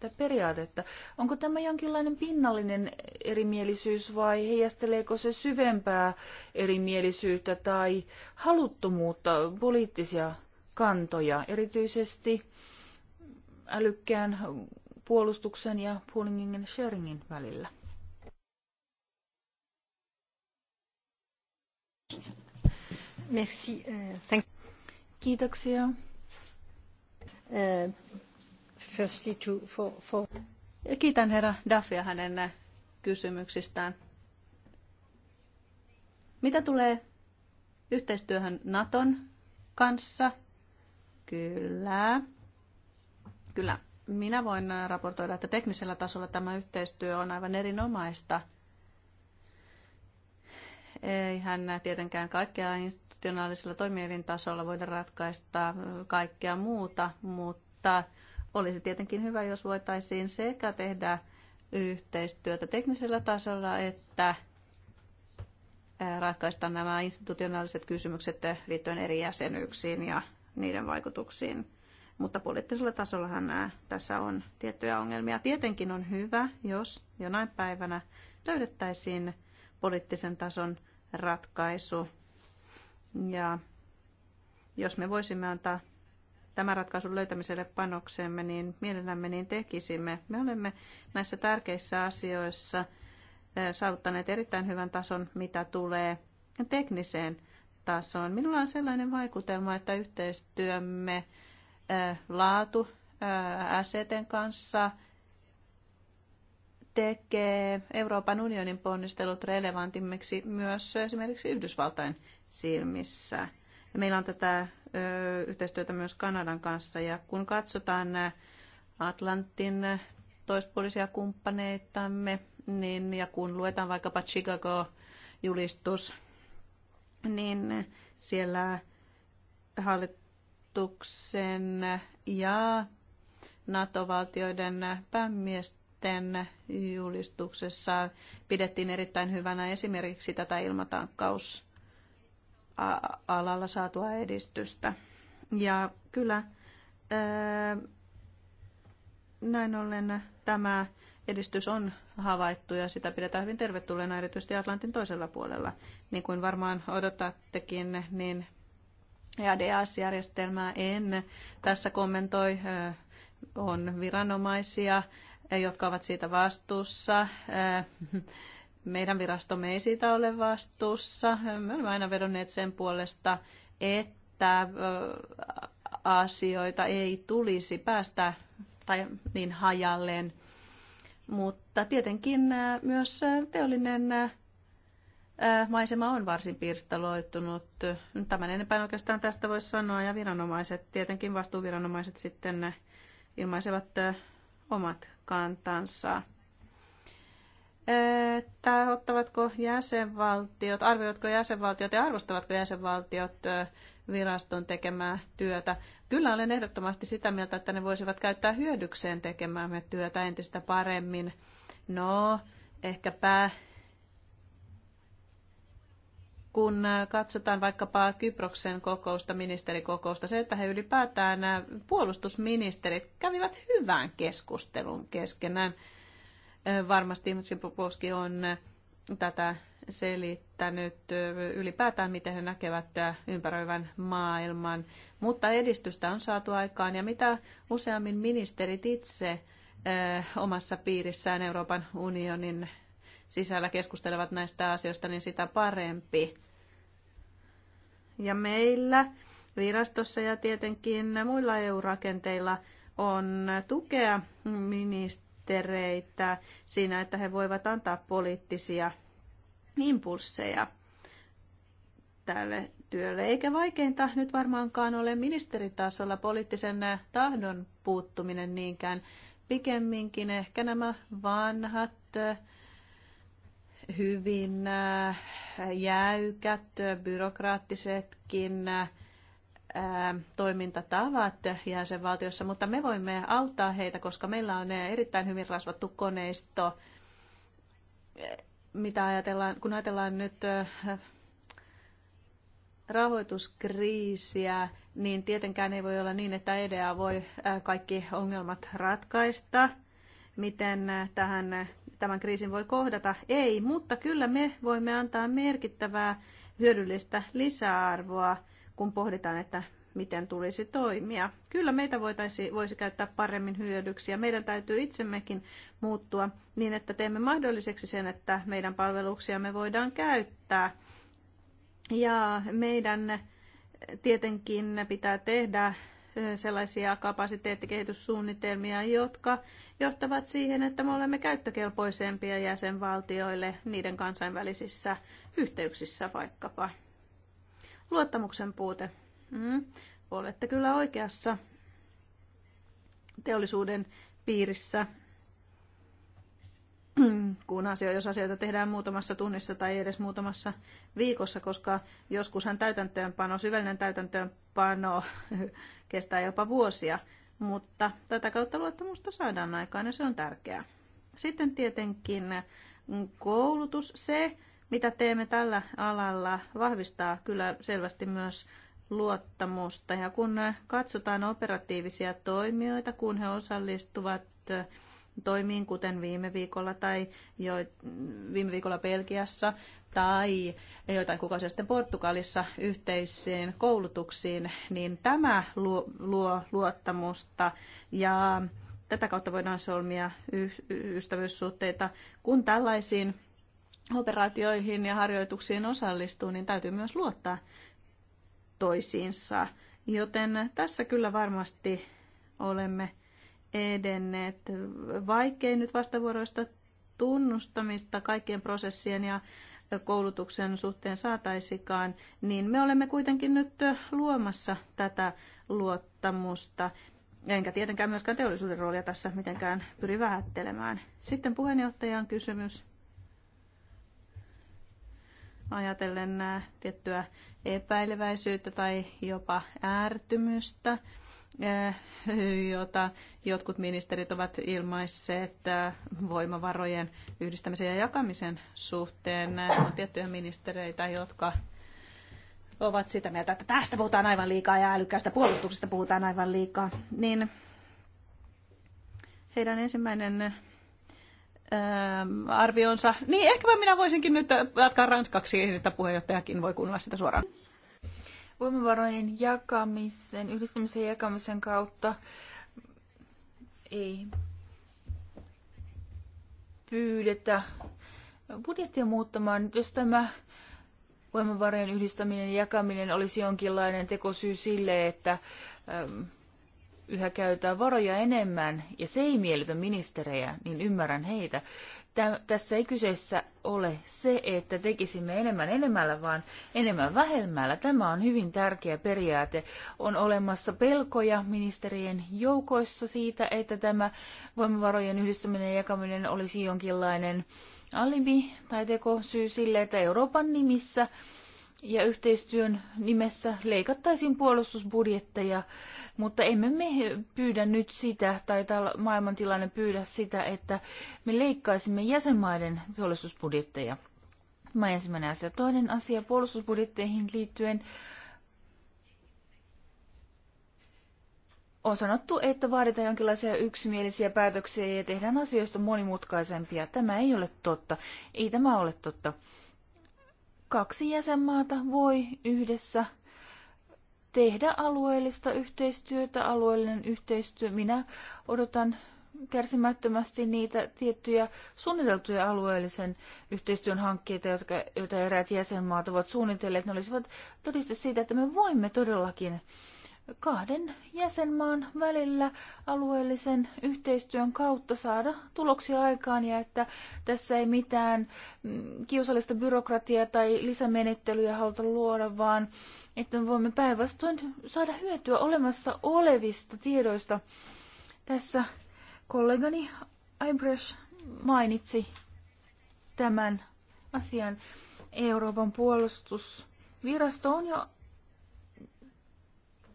tätä periaatetta. Onko tämä jonkinlainen pinnallinen erimielisyys vai heijasteleeko se syvempää erimielisyyttä tai haluttomuutta poliittisia kantoja, erityisesti älykkään puolustuksen ja poolingin ja sharingin välillä. Merci. Euh, thank Kiitoksia. Uh, firstly to, for, for... Kiitän herra Daffia hänen äh, kysymyksistään. Mitä tulee yhteistyöhön Naton kanssa, Kyllä. Kyllä. Minä voin raportoida, että teknisellä tasolla tämä yhteistyö on aivan erinomaista. Eihän tietenkään kaikkea institutionaalisella toimielin tasolla voida ratkaista kaikkea muuta, mutta olisi tietenkin hyvä, jos voitaisiin sekä tehdä yhteistyötä teknisellä tasolla että ratkaista nämä institutionaaliset kysymykset liittyen eri jäsenyyksiin ja niiden vaikutuksiin. Mutta poliittisella tasollahan tässä on tiettyjä ongelmia. Tietenkin on hyvä, jos jonain päivänä löydettäisiin poliittisen tason ratkaisu. Ja jos me voisimme antaa tämän ratkaisun löytämiselle panoksemme, niin mielellämme niin tekisimme. Me olemme näissä tärkeissä asioissa saavuttaneet erittäin hyvän tason, mitä tulee tekniseen tasoon. Minulla on sellainen vaikutelma, että yhteistyömme laatu aseten kanssa tekee Euroopan unionin ponnistelut relevantimmiksi myös esimerkiksi Yhdysvaltain silmissä. Ja meillä on tätä yhteistyötä myös Kanadan kanssa ja kun katsotaan Atlantin toispuolisia kumppaneitamme, niin, ja kun luetaan vaikkapa Chicago-julistus, niin siellä hallituksen ja NATO-valtioiden päämiesten julistuksessa pidettiin erittäin hyvänä esimerkiksi tätä ilmatankkausalalla alalla saatua edistystä. Ja kyllä näin ollen tämä edistys on havaittu ja sitä pidetään hyvin tervetulleena erityisesti Atlantin toisella puolella. Niin kuin varmaan odotattekin, niin EADS-järjestelmää en tässä kommentoi. On viranomaisia, jotka ovat siitä vastuussa. Meidän virastomme ei siitä ole vastuussa. Me olemme aina vedonneet sen puolesta, että asioita ei tulisi päästä tai niin hajalleen mutta tietenkin äh, myös äh, teollinen äh, maisema on varsin pirstaloitunut. Tämän enempää oikeastaan tästä voisi sanoa, ja viranomaiset, tietenkin vastuuviranomaiset sitten ilmaisevat omat kantansa. Että ottavatko jäsenvaltiot, arvioitko jäsenvaltiot ja arvostavatko jäsenvaltiot viraston tekemää työtä. Kyllä olen ehdottomasti sitä mieltä, että ne voisivat käyttää hyödykseen tekemäämme työtä entistä paremmin. No, ehkäpä kun katsotaan vaikkapa Kyproksen kokousta, ministerikokousta, se, että he ylipäätään nämä puolustusministerit kävivät hyvän keskustelun keskenään. Varmasti Mutsi on tätä selittänyt ylipäätään, miten he näkevät ympäröivän maailman. Mutta edistystä on saatu aikaan ja mitä useammin ministerit itse omassa piirissään Euroopan unionin sisällä keskustelevat näistä asioista, niin sitä parempi. Ja meillä virastossa ja tietenkin muilla EU-rakenteilla on tukea ministereitä siinä, että he voivat antaa poliittisia impulsseja tälle työlle. Eikä vaikeinta nyt varmaankaan ole ministeritasolla poliittisen tahdon puuttuminen niinkään. Pikemminkin ehkä nämä vanhat, hyvin äh, jäykät, byrokraattisetkin äh, toimintatavat jäsenvaltiossa, mutta me voimme auttaa heitä, koska meillä on erittäin hyvin rasvattu koneisto mitä ajatellaan, kun ajatellaan nyt rahoituskriisiä, niin tietenkään ei voi olla niin, että EDA voi kaikki ongelmat ratkaista. Miten tähän, tämän kriisin voi kohdata? Ei, mutta kyllä me voimme antaa merkittävää hyödyllistä lisäarvoa, kun pohditaan, että miten tulisi toimia. Kyllä meitä voitaisi, voisi käyttää paremmin hyödyksi ja meidän täytyy itsemmekin muuttua niin, että teemme mahdolliseksi sen, että meidän palveluksia me voidaan käyttää. Ja meidän tietenkin pitää tehdä sellaisia kapasiteettikehityssuunnitelmia, jotka johtavat siihen, että me olemme käyttökelpoisempia jäsenvaltioille niiden kansainvälisissä yhteyksissä vaikkapa. Luottamuksen puute Mm, olette kyllä oikeassa teollisuuden piirissä, kun asio, jos asioita tehdään muutamassa tunnissa tai edes muutamassa viikossa, koska joskushan täytäntöönpano, syvällinen täytäntöönpano [laughs] kestää jopa vuosia, mutta tätä kautta luottamusta saadaan aikaan ja se on tärkeää. Sitten tietenkin koulutus, se mitä teemme tällä alalla, vahvistaa kyllä selvästi myös luottamusta. Ja kun katsotaan operatiivisia toimijoita, kun he osallistuvat toimiin, kuten viime viikolla tai jo, viime viikolla Belgiassa tai joitain kuukausia sitten Portugalissa yhteisiin koulutuksiin, niin tämä luo, luo luottamusta ja tätä kautta voidaan solmia ystävyyssuhteita. Kun tällaisiin operaatioihin ja harjoituksiin osallistuu, niin täytyy myös luottaa toisiinsa. Joten tässä kyllä varmasti olemme edenneet. Vaikein nyt vastavuoroista tunnustamista kaikkien prosessien ja koulutuksen suhteen saataisikaan, niin me olemme kuitenkin nyt luomassa tätä luottamusta. Enkä tietenkään myöskään teollisuuden roolia tässä mitenkään pyri vähättelemään. Sitten puheenjohtajan kysymys ajatellen tiettyä epäileväisyyttä tai jopa ärtymystä, jota jotkut ministerit ovat ilmaisseet voimavarojen yhdistämisen ja jakamisen suhteen. On tiettyjä ministereitä, jotka ovat sitä mieltä, että tästä puhutaan aivan liikaa ja älykkäästä puolustuksesta puhutaan aivan liikaa. Niin heidän ensimmäinen Ähm, arvionsa. Niin, ehkäpä minä voisinkin nyt jatkaa ranskaksi, että puheenjohtajakin voi kuunnella sitä suoraan. Voimavarojen jakamisen, yhdistymisen jakamisen kautta ei pyydetä budjettia muuttamaan. Jos tämä voimavarojen yhdistäminen ja jakaminen olisi jonkinlainen tekosyy sille, että ähm, yhä käytetään varoja enemmän ja se ei miellytä ministerejä, niin ymmärrän heitä. Tä, tässä ei kyseessä ole se, että tekisimme enemmän enemmällä, vaan enemmän vähemmällä. Tämä on hyvin tärkeä periaate. On olemassa pelkoja ministerien joukoissa siitä, että tämä voimavarojen yhdistäminen ja jakaminen olisi jonkinlainen alibi tai tekosyy sille, että Euroopan nimissä ja yhteistyön nimessä leikattaisiin puolustusbudjetteja mutta emme me pyydä nyt sitä, tai maailmantilanne pyydä sitä, että me leikkaisimme jäsenmaiden puolustusbudjetteja. Tämä ensimmäinen asia. Toinen asia puolustusbudjetteihin liittyen on sanottu, että vaaditaan jonkinlaisia yksimielisiä päätöksiä ja tehdään asioista monimutkaisempia. Tämä ei ole totta. Ei tämä ole totta. Kaksi jäsenmaata voi yhdessä tehdä alueellista yhteistyötä, alueellinen yhteistyö. Minä odotan kärsimättömästi niitä tiettyjä suunniteltuja alueellisen yhteistyön hankkeita, jotka, joita eräät jäsenmaat ovat suunnitelleet. Ne olisivat todiste siitä, että me voimme todellakin kahden jäsenmaan välillä alueellisen yhteistyön kautta saada tuloksia aikaan ja että tässä ei mitään mm, kiusallista byrokratiaa tai lisämenettelyjä haluta luoda, vaan että me voimme päinvastoin saada hyötyä olemassa olevista tiedoista. Tässä kollegani Ibrush mainitsi tämän asian. Euroopan puolustusvirasto on jo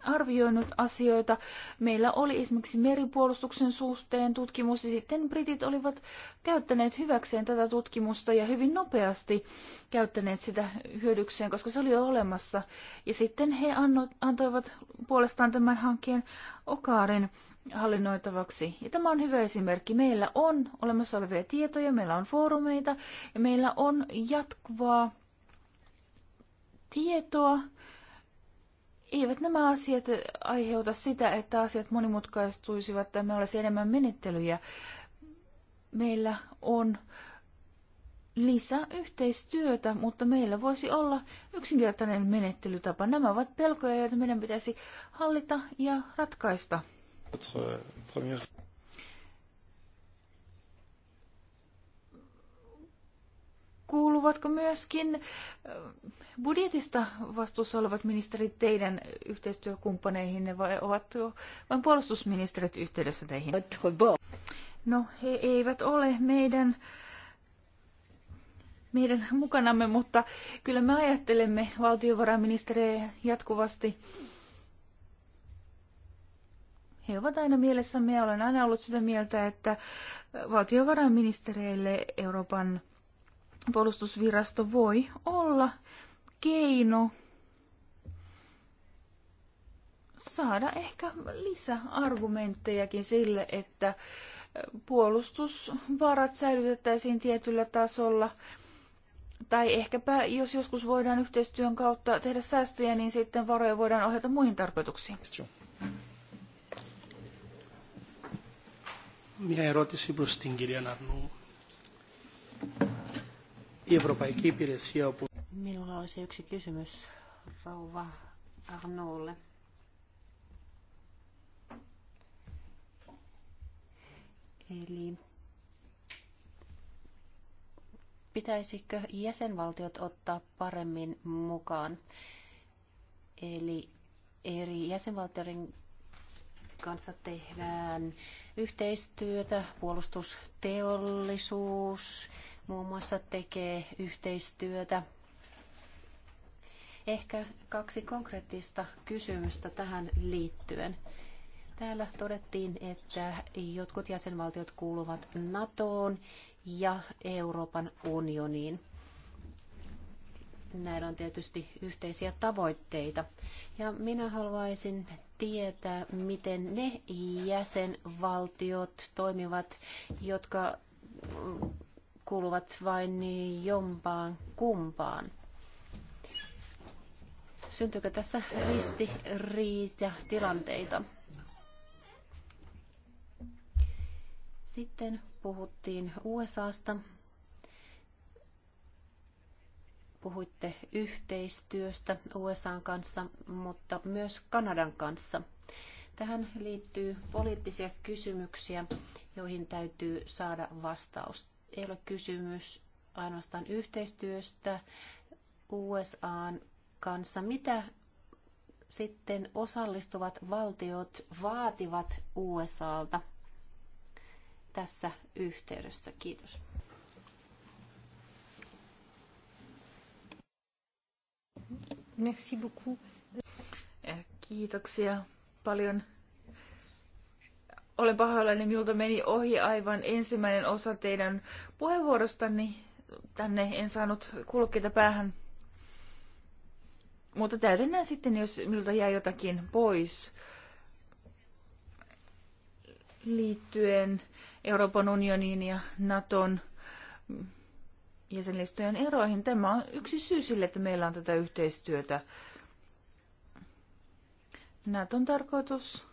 arvioinut asioita. Meillä oli esimerkiksi meripuolustuksen suhteen tutkimus ja sitten britit olivat käyttäneet hyväkseen tätä tutkimusta ja hyvin nopeasti käyttäneet sitä hyödykseen, koska se oli jo olemassa. Ja sitten he antoivat puolestaan tämän hankkeen Okaarin hallinnoitavaksi. Ja tämä on hyvä esimerkki. Meillä on olemassa olevia tietoja, meillä on foorumeita ja meillä on jatkuvaa tietoa eivät nämä asiat aiheuta sitä, että asiat monimutkaistuisivat tai me olisi enemmän menettelyjä. Meillä on lisää yhteistyötä, mutta meillä voisi olla yksinkertainen menettelytapa. Nämä ovat pelkoja, joita meidän pitäisi hallita ja ratkaista. kuuluvatko myöskin budjetista vastuussa olevat ministerit teidän yhteistyökumppaneihinne vai ovat vain puolustusministerit yhteydessä teihin? No, he eivät ole meidän meidän mukanamme, mutta kyllä me ajattelemme valtiovarainministeriä jatkuvasti. He ovat aina mielessämme ja olen aina ollut sitä mieltä, että valtiovarainministereille Euroopan puolustusvirasto voi olla keino saada ehkä lisäargumenttejakin sille, että puolustusvarat säilytettäisiin tietyllä tasolla. Tai ehkäpä, jos joskus voidaan yhteistyön kautta tehdä säästöjä, niin sitten varoja voidaan ohjata muihin tarkoituksiin. Minä erotisin προς την κυρία Minulla olisi yksi kysymys rouva Arnoulle. Eli pitäisikö jäsenvaltiot ottaa paremmin mukaan? Eli eri jäsenvaltioiden kanssa tehdään yhteistyötä, puolustusteollisuus, muun muassa tekee yhteistyötä. Ehkä kaksi konkreettista kysymystä tähän liittyen. Täällä todettiin, että jotkut jäsenvaltiot kuuluvat NATOon ja Euroopan unioniin. Näillä on tietysti yhteisiä tavoitteita. Ja minä haluaisin tietää, miten ne jäsenvaltiot toimivat, jotka kuuluvat vain niin jompaan kumpaan. Syntyykö tässä ristiriitä tilanteita? Sitten puhuttiin USAsta. Puhuitte yhteistyöstä USAn kanssa, mutta myös Kanadan kanssa. Tähän liittyy poliittisia kysymyksiä, joihin täytyy saada vastausta ei ole kysymys ainoastaan yhteistyöstä USAn kanssa. Mitä sitten osallistuvat valtiot vaativat USAlta tässä yhteydessä? Kiitos. Merci beaucoup. Kiitoksia paljon olen pahoillani, minulta meni ohi aivan ensimmäinen osa teidän puheenvuorostanne. Tänne en saanut kulkeita päähän. Mutta täydennään sitten, jos miltä jää jotakin pois liittyen Euroopan unioniin ja Naton jäsenlistojen eroihin. Tämä on yksi syy sille, että meillä on tätä yhteistyötä. Naton tarkoitus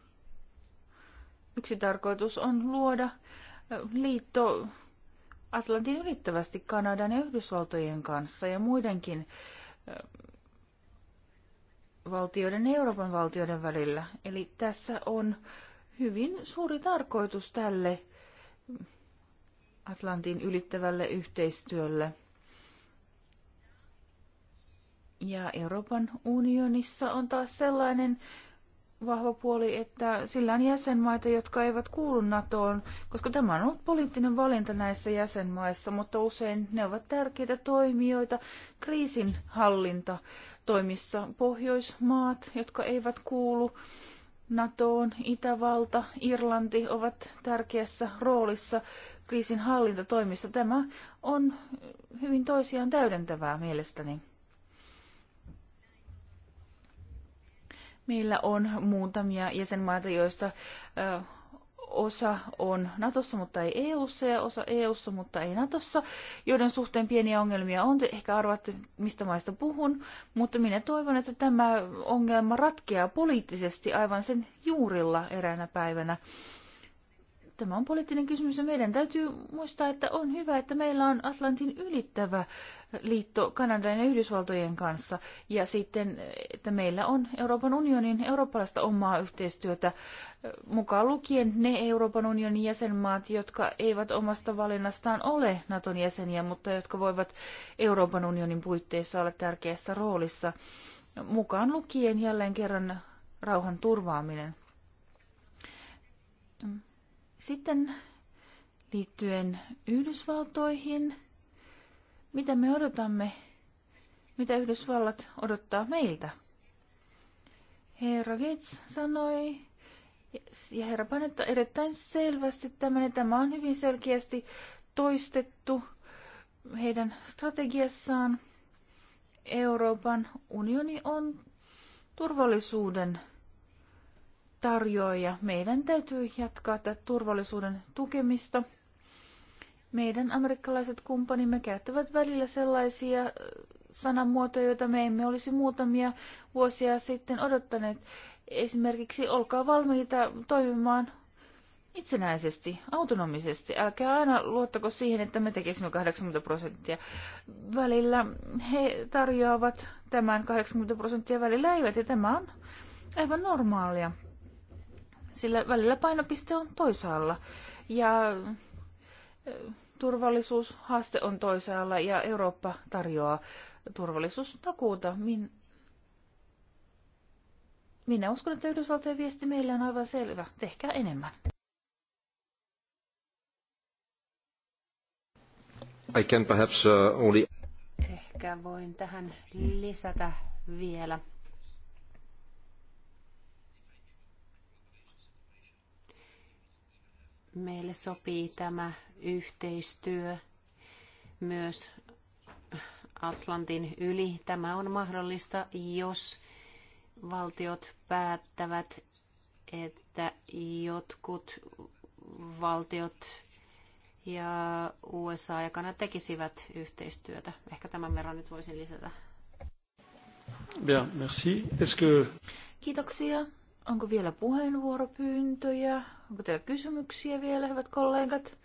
yksi tarkoitus on luoda liitto Atlantin ylittävästi Kanadan ja Yhdysvaltojen kanssa ja muidenkin valtioiden ja Euroopan valtioiden välillä. Eli tässä on hyvin suuri tarkoitus tälle Atlantin ylittävälle yhteistyölle. Ja Euroopan unionissa on taas sellainen vahva puoli, että sillä on jäsenmaita, jotka eivät kuulu NATOon, koska tämä on ollut poliittinen valinta näissä jäsenmaissa, mutta usein ne ovat tärkeitä toimijoita kriisinhallinta toimissa. Pohjoismaat, jotka eivät kuulu NATOon, Itävalta, Irlanti ovat tärkeässä roolissa kriisinhallintatoimissa. Tämä on hyvin toisiaan täydentävää mielestäni. Meillä on muutamia jäsenmaita, joista ö, osa on Natossa, mutta ei EU:ssa ja osa EU:ssa, mutta ei Natossa, joiden suhteen pieniä ongelmia on. Te ehkä arvaatte, mistä maista puhun, mutta minä toivon, että tämä ongelma ratkeaa poliittisesti aivan sen juurilla eräänä päivänä. Tämä on poliittinen kysymys ja meidän täytyy muistaa, että on hyvä, että meillä on Atlantin ylittävä liitto Kanadan ja Yhdysvaltojen kanssa. Ja sitten, että meillä on Euroopan unionin eurooppalaista omaa yhteistyötä, mukaan lukien ne Euroopan unionin jäsenmaat, jotka eivät omasta valinnastaan ole Naton jäseniä, mutta jotka voivat Euroopan unionin puitteissa olla tärkeässä roolissa, mukaan lukien jälleen kerran rauhan turvaaminen. Sitten liittyen Yhdysvaltoihin – mitä me odotamme? Mitä Yhdysvallat odottaa meiltä? Herra Gates sanoi, ja herra Panetta erittäin selvästi tämmöinen, tämä on hyvin selkeästi toistettu heidän strategiassaan. Euroopan unioni on turvallisuuden tarjoaja. Meidän täytyy jatkaa tätä turvallisuuden tukemista. Meidän amerikkalaiset kumppanimme käyttävät välillä sellaisia äh, sanamuotoja, joita me emme olisi muutamia vuosia sitten odottaneet. Esimerkiksi olkaa valmiita toimimaan itsenäisesti, autonomisesti. Älkää aina luottako siihen, että me tekisimme 80 prosenttia. Välillä he tarjoavat tämän 80 prosenttia, välillä eivät, ja tämä on aivan normaalia. Sillä välillä painopiste on toisaalla. Ja äh, turvallisuushaaste on toisaalla ja Eurooppa tarjoaa turvallisuustakuuta. Min... Minä uskon, että Yhdysvaltojen viesti meille on aivan selvä. Tehkää enemmän. I can perhaps, uh, only... Ehkä voin tähän lisätä vielä Meille sopii tämä yhteistyö myös Atlantin yli. Tämä on mahdollista, jos valtiot päättävät, että jotkut valtiot ja USA ja Kanada tekisivät yhteistyötä. Ehkä tämän verran nyt voisin lisätä. Bien, merci. Que... Kiitoksia. Onko vielä puheenvuoropyyntöjä? Onko teillä kysymyksiä vielä, hyvät kollegat?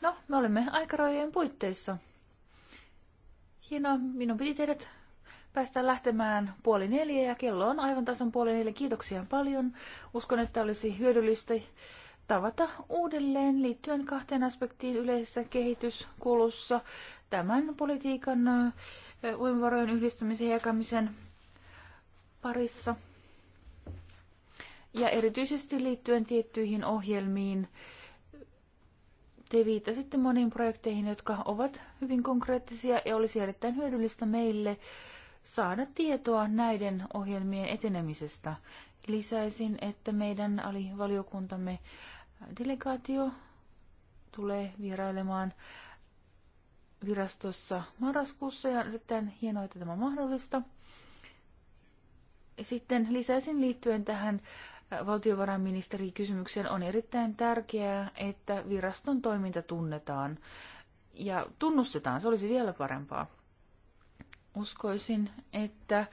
No, me olemme aikarajojen puitteissa. Hienoa, minun piti teidät päästä lähtemään puoli neljä ja kello on aivan tasan puoli neljä. Kiitoksia paljon. Uskon, että olisi hyödyllistä tavata uudelleen liittyen kahteen aspektiin yleisessä kehityskulussa tämän politiikan uimavarojen yhdistämisen ja jakamisen parissa. Ja erityisesti liittyen tiettyihin ohjelmiin, te viittasitte moniin projekteihin, jotka ovat hyvin konkreettisia ja olisi erittäin hyödyllistä meille saada tietoa näiden ohjelmien etenemisestä. Lisäisin, että meidän alivaliokuntamme delegaatio tulee vierailemaan virastossa marraskuussa ja erittäin hienoa, että tämä on mahdollista. Sitten lisäisin liittyen tähän valtiovarainministeri kysymykseen, on erittäin tärkeää, että viraston toiminta tunnetaan ja tunnustetaan. Se olisi vielä parempaa. Uskoisin, että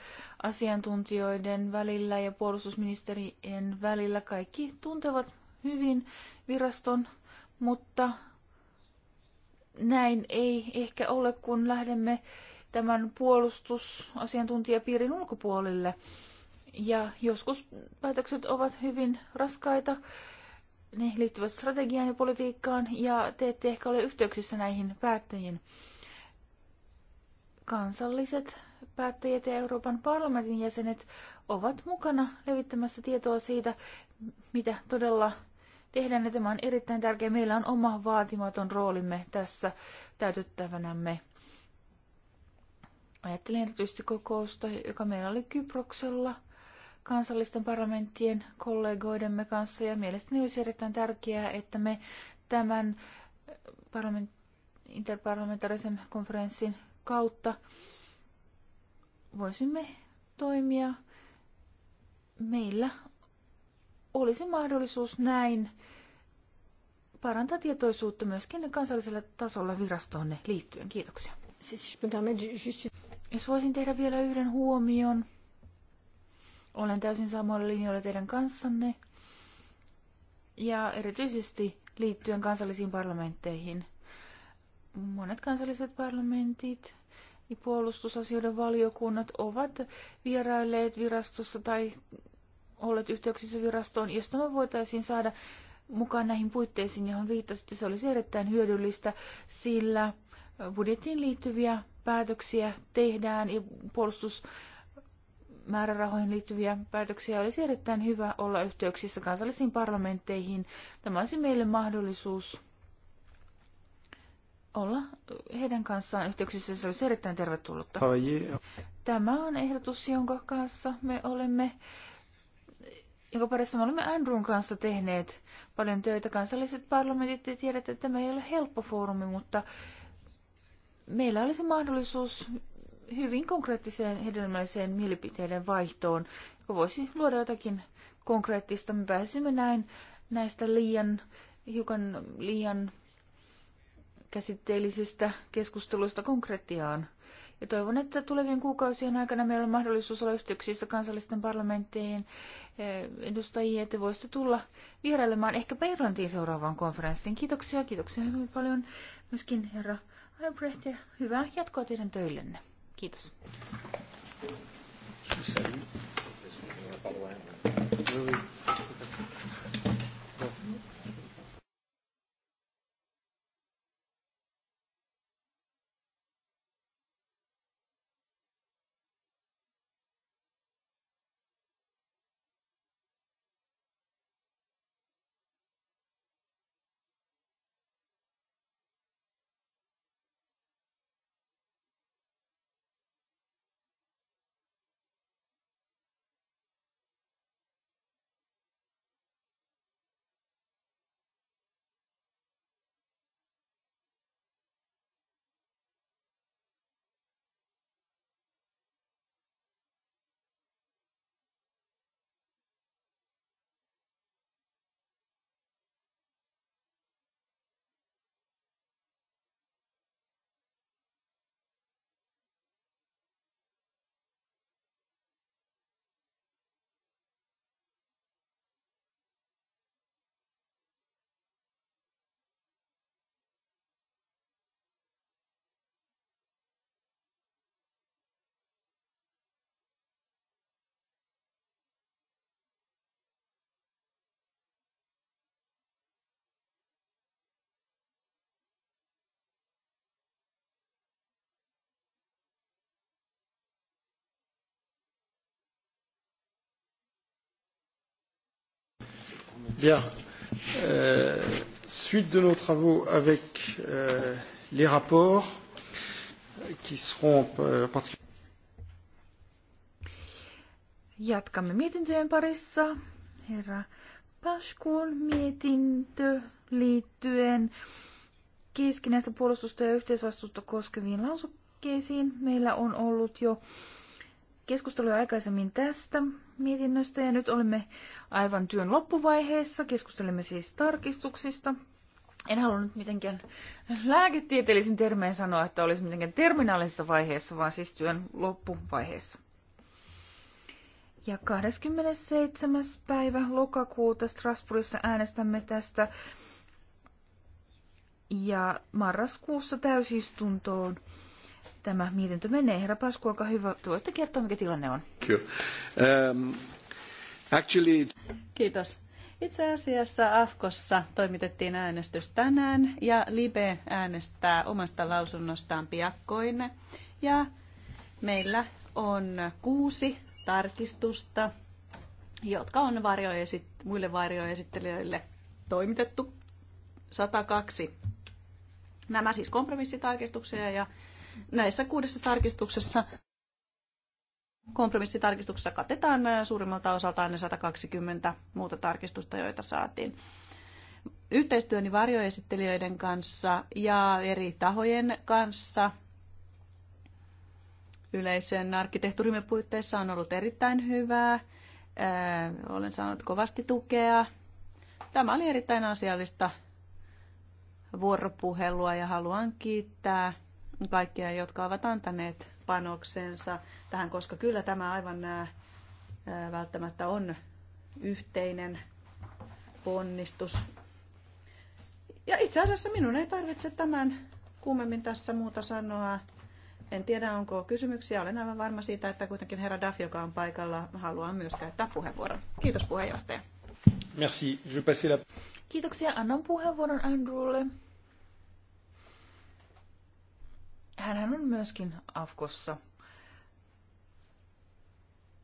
asiantuntijoiden välillä ja puolustusministerien välillä kaikki tuntevat hyvin viraston, mutta näin ei ehkä ole, kun lähdemme tämän puolustusasiantuntijapiirin ulkopuolelle. Ja joskus päätökset ovat hyvin raskaita. Ne liittyvät strategiaan ja politiikkaan ja te ette ehkä ole yhteyksissä näihin päättäjiin. kansalliset päättäjät ja Euroopan parlamentin jäsenet ovat mukana levittämässä tietoa siitä, mitä todella tehdään. Ja tämä on erittäin tärkeää. Meillä on oma vaatimaton roolimme tässä täytettävänämme. Ajattelin erityisesti kokousta, joka meillä oli Kyproksella – kansallisten parlamenttien kollegoidemme kanssa ja mielestäni olisi erittäin tärkeää, että me tämän parlament, interparlamentaarisen konferenssin kautta voisimme toimia. Meillä olisi mahdollisuus näin parantaa tietoisuutta myöskin kansallisella tasolla virastoonne liittyen. Kiitoksia. Jos voisin tehdä vielä yhden huomion. Olen täysin samoilla linjoilla teidän kanssanne ja erityisesti liittyen kansallisiin parlamentteihin. Monet kansalliset parlamentit ja puolustusasioiden valiokunnat ovat vierailleet virastossa tai olleet yhteyksissä virastoon, josta me voitaisiin saada mukaan näihin puitteisiin, johon viittasitte, se olisi erittäin hyödyllistä, sillä budjettiin liittyviä päätöksiä tehdään ja puolustus määrärahoihin liittyviä päätöksiä, olisi erittäin hyvä olla yhteyksissä kansallisiin parlamentteihin. Tämä olisi meille mahdollisuus olla heidän kanssaan yhteyksissä. Se olisi erittäin tervetullutta. Tämä on ehdotus, jonka kanssa me olemme jonka parissa me olemme Andrewn kanssa tehneet paljon töitä. Kansalliset parlamentit, tiedät, että tämä ei ole helppo foorumi, mutta meillä olisi mahdollisuus hyvin konkreettiseen hedelmälliseen mielipiteiden vaihtoon, joka voisi luoda jotakin konkreettista. Me pääsimme näin näistä liian, hiukan liian käsitteellisistä keskusteluista konkreettiaan. Ja toivon, että tulevien kuukausien aikana meillä on mahdollisuus olla yhteyksissä kansallisten parlamenttien eh, edustajien, että voisitte tulla vierailemaan ehkä Irlantiin seuraavaan konferenssiin. Kiitoksia, kiitoksia hyvin paljon myöskin herra Albrecht ja hyvää jatkoa teidän töillenne. Kiitos. Kiitos. Bien. Euh, suite de nos travaux avec euh, les rapports qui seront euh, particulièrement. Jatkamme mietintöjen parissa. Herra Paskun mietintö liittyen keskinäistä puolustusta ja yhteisvastuutta koskeviin lausukkeisiin. Meillä on ollut jo keskustelua aikaisemmin tästä mietinnöstä ja nyt olemme aivan työn loppuvaiheessa. Keskustelemme siis tarkistuksista. En halunnut mitenkään lääketieteellisen termeen sanoa, että olisi mitenkään terminaalisessa vaiheessa, vaan siis työn loppuvaiheessa. Ja 27. päivä lokakuuta Strasbourgissa äänestämme tästä ja marraskuussa täysistuntoon tämä mietintö menee. Herra Pasku, olkaa hyvä. Voitte kertoa, mikä tilanne on. Um, actually... Kiitos. Itse asiassa AFKossa toimitettiin äänestys tänään ja Libe äänestää omasta lausunnostaan piakkoin. Ja meillä on kuusi tarkistusta, jotka on varjoesit- muille varjoesittelijöille toimitettu. 102. Nämä siis kompromissitarkistuksia ja Näissä kuudessa tarkistuksessa kompromissitarkistuksessa katetaan äh, suurimmalta osaltaan ne 120 muuta tarkistusta, joita saatiin. Yhteistyöni varjoesittelijöiden kanssa ja eri tahojen kanssa yleisen arkkitehtuurimme puitteissa on ollut erittäin hyvää. Äh, olen saanut kovasti tukea. Tämä oli erittäin asiallista vuoropuhelua ja haluan kiittää kaikkia, jotka ovat antaneet panoksensa tähän, koska kyllä tämä aivan nämä välttämättä on yhteinen ponnistus. Ja itse asiassa minun ei tarvitse tämän kuumemmin tässä muuta sanoa. En tiedä, onko kysymyksiä. Olen aivan varma siitä, että kuitenkin herra Daff, joka on paikalla, haluaa myös käyttää puheenvuoron. Kiitos puheenjohtaja. Merci. Je la... Kiitoksia. Annan puheenvuoron Andrewlle. Hänhän on myöskin Afkossa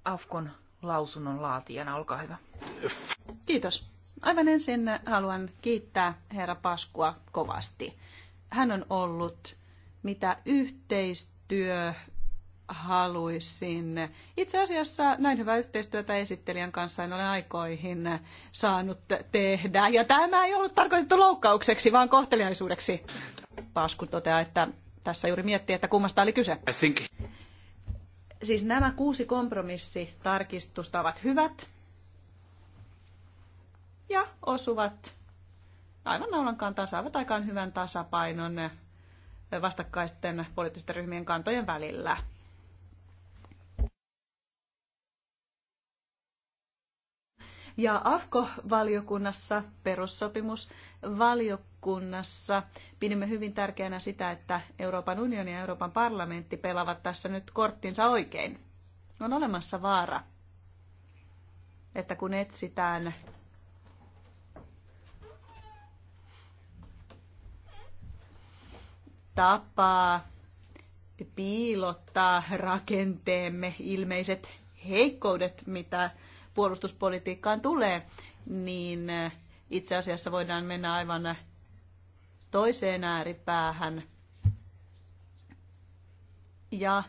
Afkon lausunnon laatijana. Olkaa hyvä. Kiitos. Aivan ensin haluan kiittää herra Paskua kovasti. Hän on ollut mitä yhteistyö haluaisin. Itse asiassa näin hyvää yhteistyötä esittelijän kanssa en ole aikoihin saanut tehdä. Ja tämä ei ollut tarkoitettu loukkaukseksi, vaan kohteliaisuudeksi. Pasku toteaa, että tässä juuri miettiä, että kummasta oli kyse. Siis nämä kuusi kompromissitarkistusta ovat hyvät ja osuvat aivan naulankaan tasaavat aikaan hyvän tasapainon vastakkaisten poliittisten ryhmien kantojen välillä. Ja AFKO-valiokunnassa, perussopimusvaliokunnassa, valiokunnassa pidimme hyvin tärkeänä sitä, että Euroopan unioni ja Euroopan parlamentti pelaavat tässä nyt korttinsa oikein. On olemassa vaara, että kun etsitään tapaa piilottaa rakenteemme ilmeiset heikkoudet, mitä puolustuspolitiikkaan tulee, niin itse asiassa voidaan mennä aivan toiseen ääripäähän ja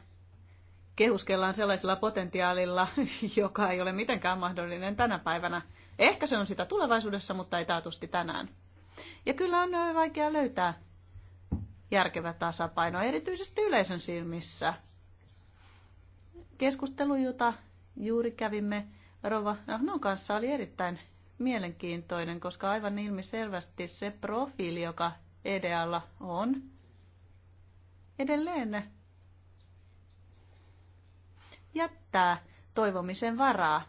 kehuskellaan sellaisella potentiaalilla, [laughs] joka ei ole mitenkään mahdollinen tänä päivänä. Ehkä se on sitä tulevaisuudessa, mutta ei taatusti tänään. Ja kyllä on vaikea löytää järkevä tasapaino, erityisesti yleisön silmissä. Keskustelu, jota juuri kävimme Rova Ahnon kanssa, oli erittäin mielenkiintoinen, koska aivan ilmiselvästi se profiili, joka EDAlla on edelleen jättää toivomisen varaa,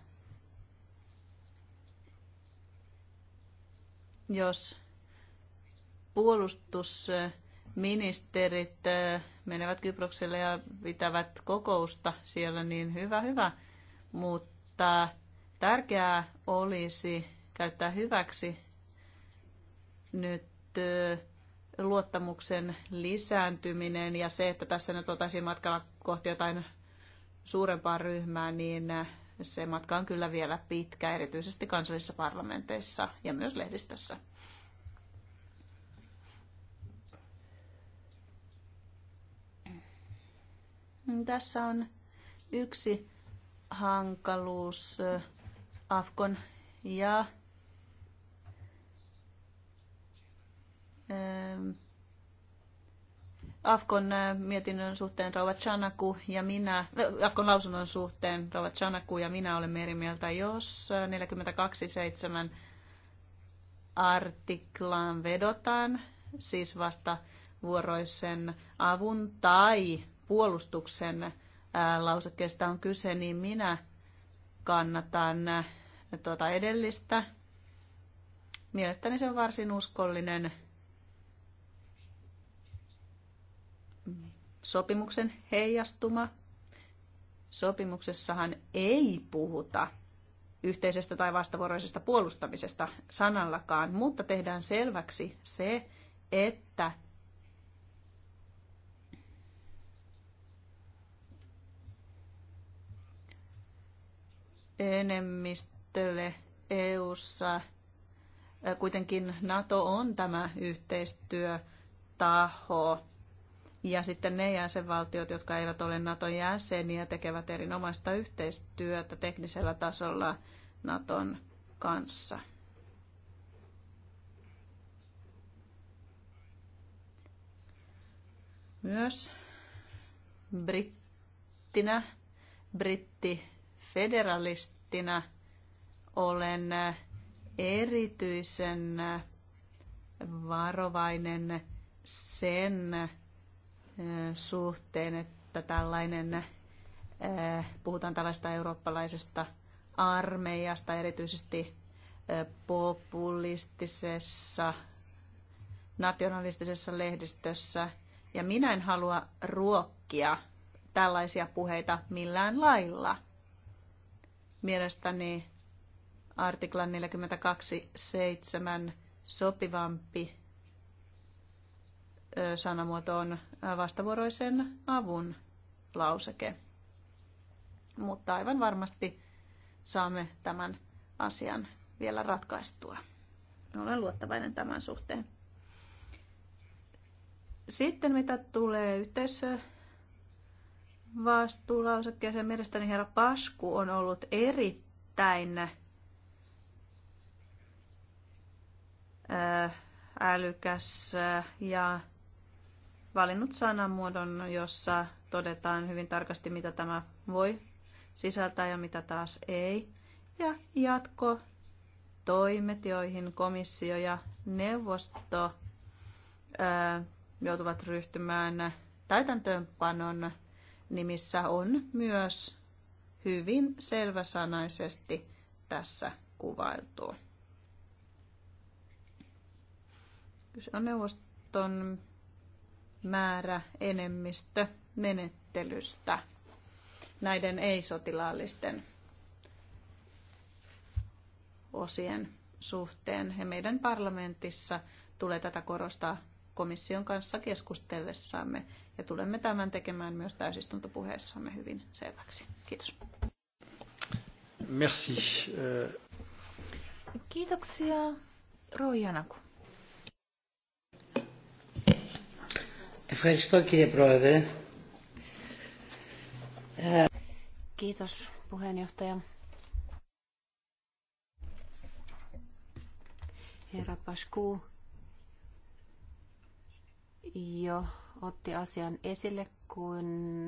jos puolustusministerit menevät Kyprokselle ja pitävät kokousta siellä, niin hyvä, hyvä. Mutta tärkeää olisi käyttää hyväksi nyt luottamuksen lisääntyminen ja se, että tässä nyt oltaisiin matkalla kohti jotain suurempaa ryhmää, niin se matka on kyllä vielä pitkä, erityisesti kansallisissa parlamenteissa ja myös lehdistössä. Tässä on yksi hankaluus Afkon ja Ähm, Afkon äh, mietinnön suhteen Rova Chanaku ja minä, äh, Afkon lausunnon suhteen Rova Chanaku ja minä olemme eri mieltä, jos 42.7 äh, artiklaan vedotaan, siis vasta vuoroisen avun tai puolustuksen lausekkeesta on kyse, niin minä kannatan tuota edellistä. Mielestäni se on varsin uskollinen sopimuksen heijastuma. Sopimuksessahan ei puhuta yhteisestä tai vastavuoroisesta puolustamisesta sanallakaan, mutta tehdään selväksi se, että enemmistölle EU:ssa kuitenkin NATO on tämä yhteistyötaho ja sitten ne jäsenvaltiot, jotka eivät ole Naton jäseniä, tekevät erinomaista yhteistyötä teknisellä tasolla Naton kanssa. Myös brittinä, brittifederalistina olen erityisen varovainen sen suhteen, että tällainen, puhutaan tällaista eurooppalaisesta armeijasta, erityisesti populistisessa, nationalistisessa lehdistössä. Ja minä en halua ruokkia tällaisia puheita millään lailla. Mielestäni artiklan 42.7 sopivampi sanamuoto on vastavuoroisen avun lauseke. Mutta aivan varmasti saamme tämän asian vielä ratkaistua. Olen luottavainen tämän suhteen. Sitten mitä tulee yhteisö vastuulausekkeeseen, mielestäni herra Pasku on ollut erittäin älykäs ja valinnut sanamuodon, jossa todetaan hyvin tarkasti, mitä tämä voi sisältää ja mitä taas ei. Ja jatko toimet, joihin komissio ja neuvosto ää, joutuvat ryhtymään täytäntöönpanon nimissä on myös hyvin selväsanaisesti tässä kuvailtu. Kyse on neuvoston määrä enemmistö menettelystä näiden ei-sotilaallisten osien suhteen. Ja meidän parlamentissa tulee tätä korostaa komission kanssa keskustellessamme ja tulemme tämän tekemään myös täysistuntopuheessamme hyvin selväksi. Kiitos. Merci. Kiitoksia, Roijanaku. Ευχαριστώ κύριε Πρόεδρε. Kiitos puheenjohtaja. Herra Pasku jo otti asian esille, kun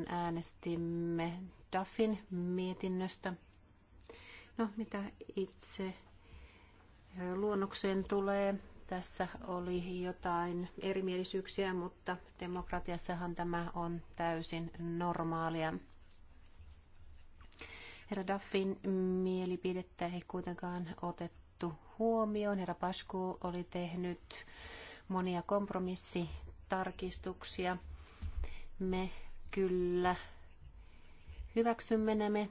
äänestimme DAFin mietinnöstä. No, mitä itse luonnokseen tulee, tässä oli jotain erimielisyyksiä, mutta demokratiassahan tämä on täysin normaalia. Herra Daffin mielipidettä ei kuitenkaan otettu huomioon. Herra Pasku oli tehnyt monia kompromissitarkistuksia. Me kyllä hyväksymme nämä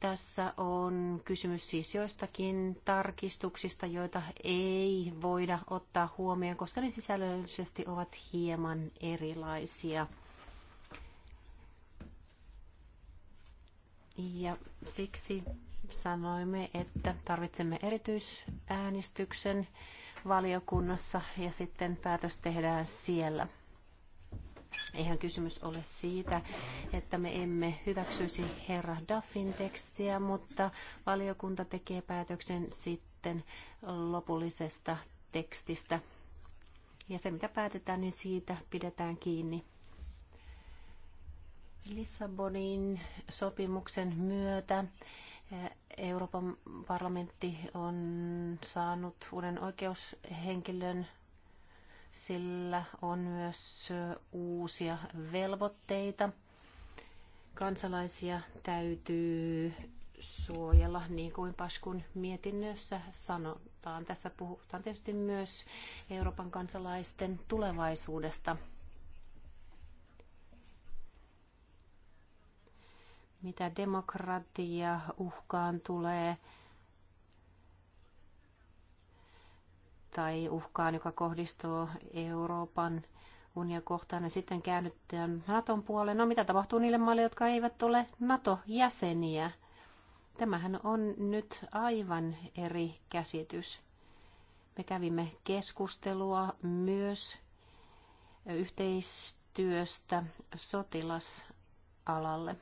tässä on kysymys siis joistakin tarkistuksista, joita ei voida ottaa huomioon, koska ne sisällöllisesti ovat hieman erilaisia. Ja siksi sanoimme, että tarvitsemme erityisäänestyksen valiokunnassa ja sitten päätös tehdään siellä. Eihän kysymys ole siitä, että me emme hyväksyisi herra Duffin tekstiä, mutta valiokunta tekee päätöksen sitten lopullisesta tekstistä. Ja se, mitä päätetään, niin siitä pidetään kiinni. Lissabonin sopimuksen myötä eh, Euroopan parlamentti on saanut uuden oikeushenkilön sillä on myös uusia velvoitteita. Kansalaisia täytyy suojella, niin kuin Paskun mietinnössä sanotaan. Tässä puhutaan tietysti myös Euroopan kansalaisten tulevaisuudesta. Mitä demokratia uhkaan tulee, tai uhkaan, joka kohdistuu Euroopan unia kohtaan ja sitten käännyt Naton puoleen. No mitä tapahtuu niille maille, jotka eivät ole NATO-jäseniä? Tämähän on nyt aivan eri käsitys. Me kävimme keskustelua myös yhteistyöstä sotilasalalle.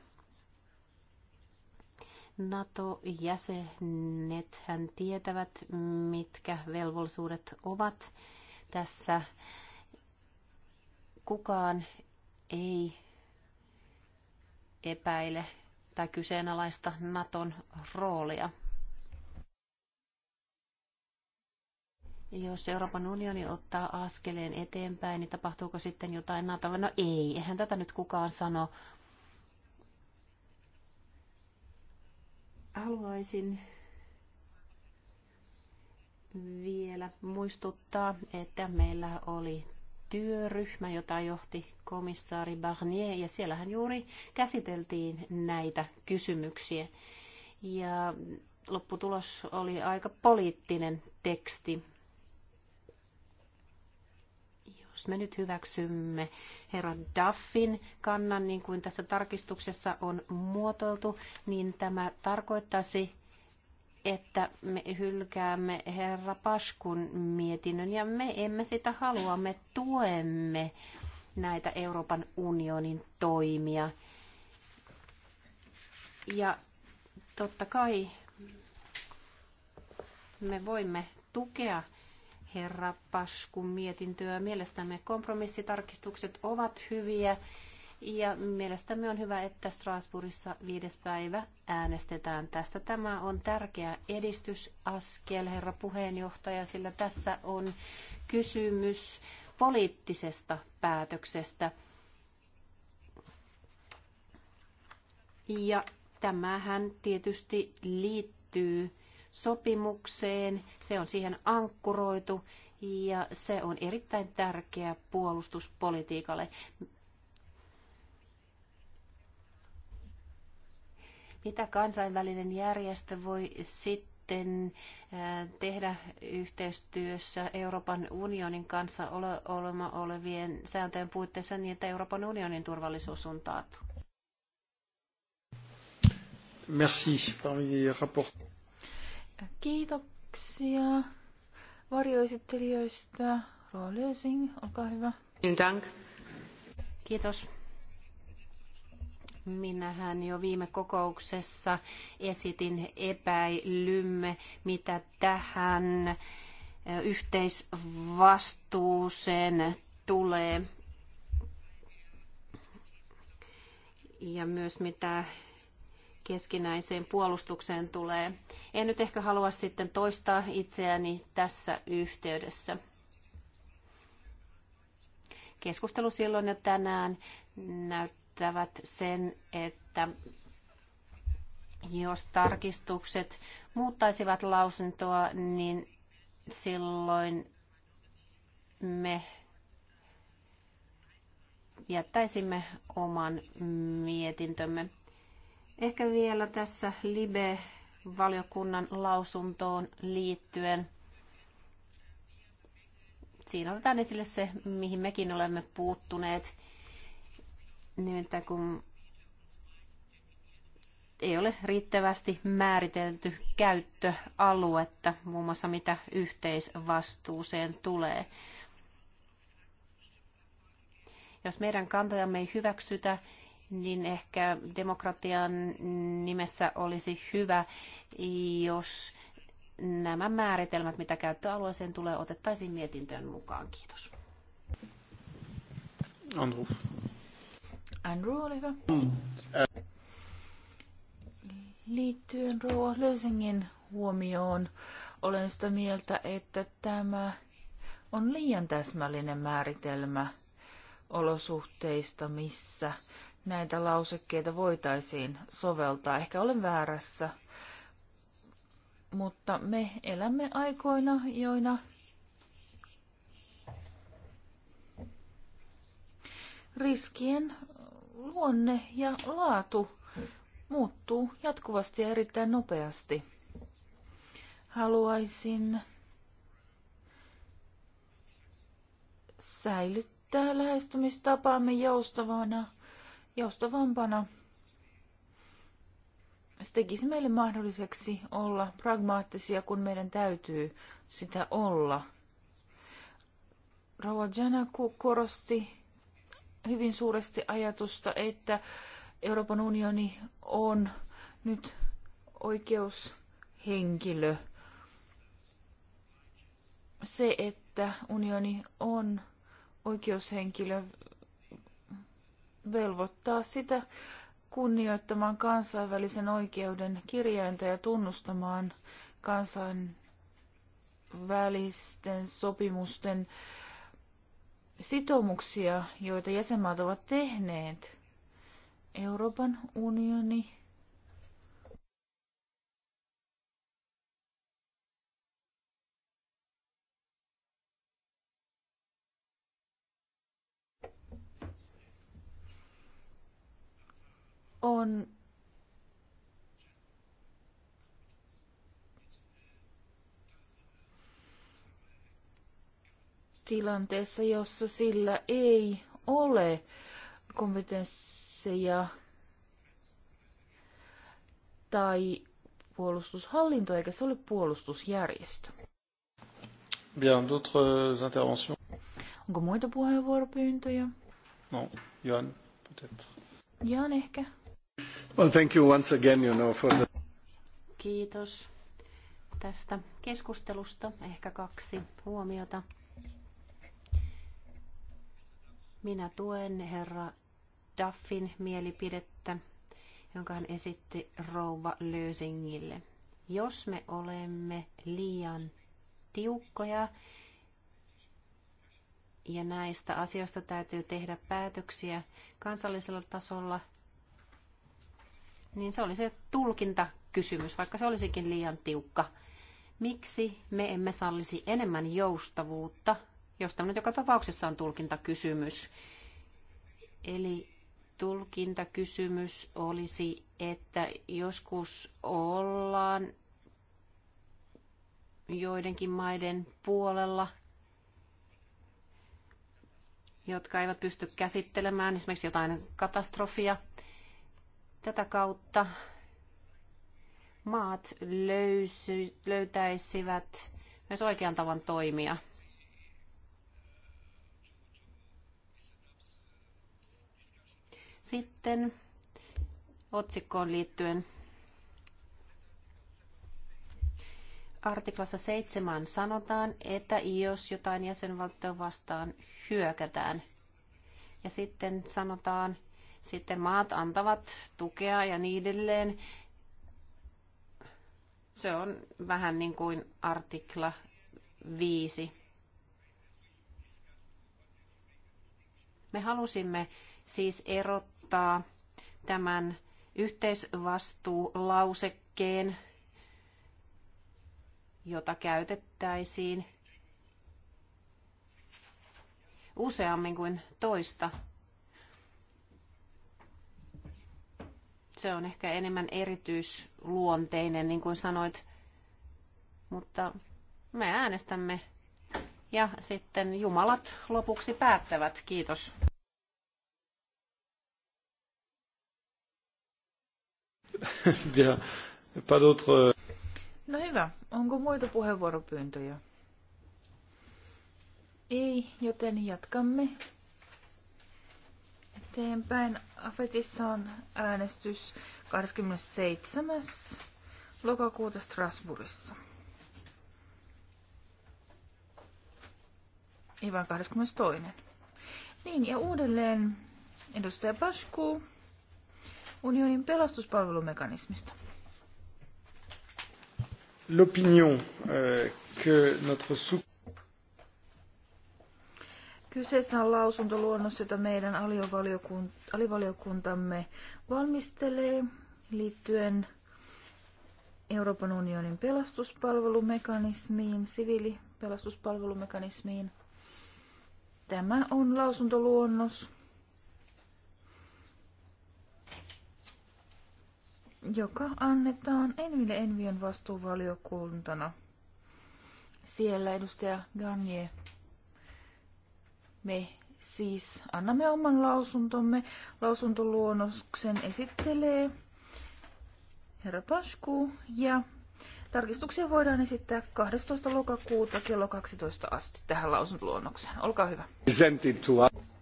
NATO-jäsenet hän tietävät, mitkä velvollisuudet ovat tässä. Kukaan ei epäile tai kyseenalaista Naton roolia. Jos Euroopan unioni ottaa askeleen eteenpäin, niin tapahtuuko sitten jotain Natolle? No ei, eihän tätä nyt kukaan sano, Haluaisin vielä muistuttaa, että meillä oli työryhmä, jota johti komissaari Barnier, ja siellähän juuri käsiteltiin näitä kysymyksiä. Ja lopputulos oli aika poliittinen teksti. Jos me nyt hyväksymme herra Duffin kannan, niin kuin tässä tarkistuksessa on muotoiltu, niin tämä tarkoittaisi, että me hylkäämme herra Paskun mietinnön ja me emme sitä halua, me tuemme näitä Euroopan unionin toimia. Ja totta kai me voimme tukea herra Paskun mietintöä. Mielestämme kompromissitarkistukset ovat hyviä ja mielestämme on hyvä, että Strasbourgissa viides päivä äänestetään tästä. Tämä on tärkeä edistysaskel, herra puheenjohtaja, sillä tässä on kysymys poliittisesta päätöksestä. Ja tämähän tietysti liittyy sopimukseen, se on siihen ankkuroitu ja se on erittäin tärkeä puolustuspolitiikalle. Mitä kansainvälinen järjestö voi sitten tehdä yhteistyössä Euroopan unionin kanssa olema olevien sääntöjen puitteissa niin, että Euroopan unionin turvallisuus on taattu? Merci. Parmi les rapports... Kiitoksia varjoesittelijöistä. Lösing, olkaa hyvä. Kiitos. Minähän jo viime kokouksessa esitin epäilymme, mitä tähän eh, yhteisvastuuseen tulee. Ja myös mitä keskinäiseen puolustukseen tulee. En nyt ehkä halua sitten toistaa itseäni tässä yhteydessä. Keskustelu silloin ja tänään näyttävät sen, että jos tarkistukset muuttaisivat lausuntoa, niin silloin me jättäisimme oman mietintömme. Ehkä vielä tässä LIBE-valiokunnan lausuntoon liittyen. Siinä otetaan esille se, mihin mekin olemme puuttuneet. Nimittäin kun ei ole riittävästi määritelty käyttöaluetta, muun muassa mitä yhteisvastuuseen tulee. Jos meidän kantojamme ei hyväksytä, niin ehkä demokratian nimessä olisi hyvä, jos nämä määritelmät, mitä käyttöalueeseen tulee, otettaisiin mietintöön mukaan. Kiitos. Andrew. Andrew, ole hyvä. Mm. Liittyen Rouva Lösingin huomioon, olen sitä mieltä, että tämä on liian täsmällinen määritelmä olosuhteista, missä – näitä lausekkeita voitaisiin soveltaa. Ehkä olen väärässä, mutta me elämme aikoina, joina riskien luonne ja laatu muuttuu jatkuvasti ja erittäin nopeasti. Haluaisin säilyttää lähestymistapaamme joustavana joustavampana. Se siis tekisi meille mahdolliseksi olla pragmaattisia, kun meidän täytyy sitä olla. Rauha Janaku korosti hyvin suuresti ajatusta, että Euroopan unioni on nyt oikeushenkilö. Se, että unioni on oikeushenkilö velvoittaa sitä kunnioittamaan kansainvälisen oikeuden kirjainta ja tunnustamaan kansainvälisten sopimusten sitoumuksia, joita jäsenmaat ovat tehneet. Euroopan unioni on tilanteessa, jossa sillä ei ole kompetensseja tai puolustushallinto, eikä se ole puolustusjärjestö. Bien, d'autres interventions? Onko muita puheenvuoropyyntöjä? No, Jan, peut-être. Jan ehkä. Well, thank you once again, you know, for the... Kiitos tästä keskustelusta. Ehkä kaksi huomiota. Minä tuen herra Duffin mielipidettä, jonka hän esitti rouva Lösingille. Jos me olemme liian tiukkoja ja näistä asioista täytyy tehdä päätöksiä kansallisella tasolla – niin se oli se tulkintakysymys, vaikka se olisikin liian tiukka. Miksi me emme sallisi enemmän joustavuutta, josta nyt joka tapauksessa on tulkintakysymys? Eli tulkintakysymys olisi, että joskus ollaan joidenkin maiden puolella, jotka eivät pysty käsittelemään esimerkiksi jotain katastrofia – Tätä kautta maat löysy, löytäisivät myös oikean tavan toimia. Sitten otsikkoon liittyen artiklassa 7 sanotaan, että jos jotain jäsenvaltio vastaan hyökätään, ja sitten sanotaan, sitten maat antavat tukea ja niin edelleen. Se on vähän niin kuin artikla 5. Me halusimme siis erottaa tämän yhteisvastuulausekkeen, jota käytettäisiin useammin kuin toista Se on ehkä enemmän erityisluonteinen, niin kuin sanoit, mutta me äänestämme ja sitten jumalat lopuksi päättävät. Kiitos. [laughs] Euh, no hyvä. Onko muita puheenvuoropyyntöjä? Ei, joten jatkamme eteenpäin. Afetissa on äänestys 27. lokakuuta Strasbourgissa. Ei vaan 22. Niin, ja uudelleen edustaja Pasku unionin pelastuspalvelumekanismista. L'opinion euh, que notre sous Kyseessä on lausuntoluonnos, jota meidän alivaliokuntamme valmistelee liittyen Euroopan unionin pelastuspalvelumekanismiin, siviilipelastuspalvelumekanismiin. Tämä on lausuntoluonnos, joka annetaan Enville Envion vastuuvaliokuntana. Siellä edustaja Gagne me siis annamme oman lausuntomme. Lausuntoluonnoksen esittelee herra Pasku ja tarkistuksia voidaan esittää 12. lokakuuta kello 12 asti tähän lausuntoluonnokseen. Olkaa hyvä.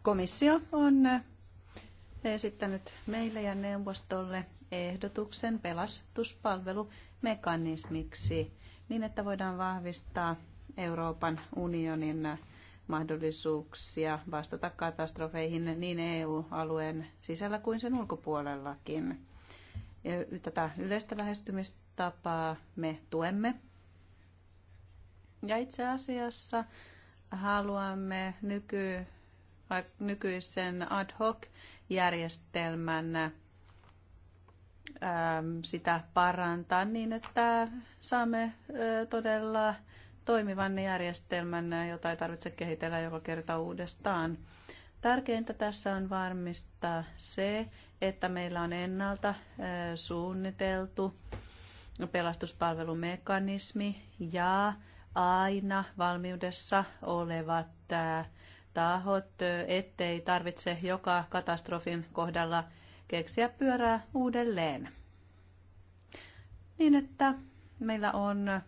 Komissio on esittänyt meille ja neuvostolle ehdotuksen pelastuspalvelumekanismiksi niin, että voidaan vahvistaa Euroopan unionin mahdollisuuksia vastata katastrofeihin niin EU-alueen sisällä kuin sen ulkopuolellakin. Tätä yleistä lähestymistapaa me tuemme. Ja itse asiassa haluamme nyky, nykyisen ad hoc-järjestelmän sitä parantaa niin, että saamme todella toimivan järjestelmän, jota ei tarvitse kehitellä joka kerta uudestaan. Tärkeintä tässä on varmistaa se, että meillä on ennalta suunniteltu pelastuspalvelumekanismi ja aina valmiudessa olevat tahot, ettei tarvitse joka katastrofin kohdalla keksiä pyörää uudelleen. Niin että meillä on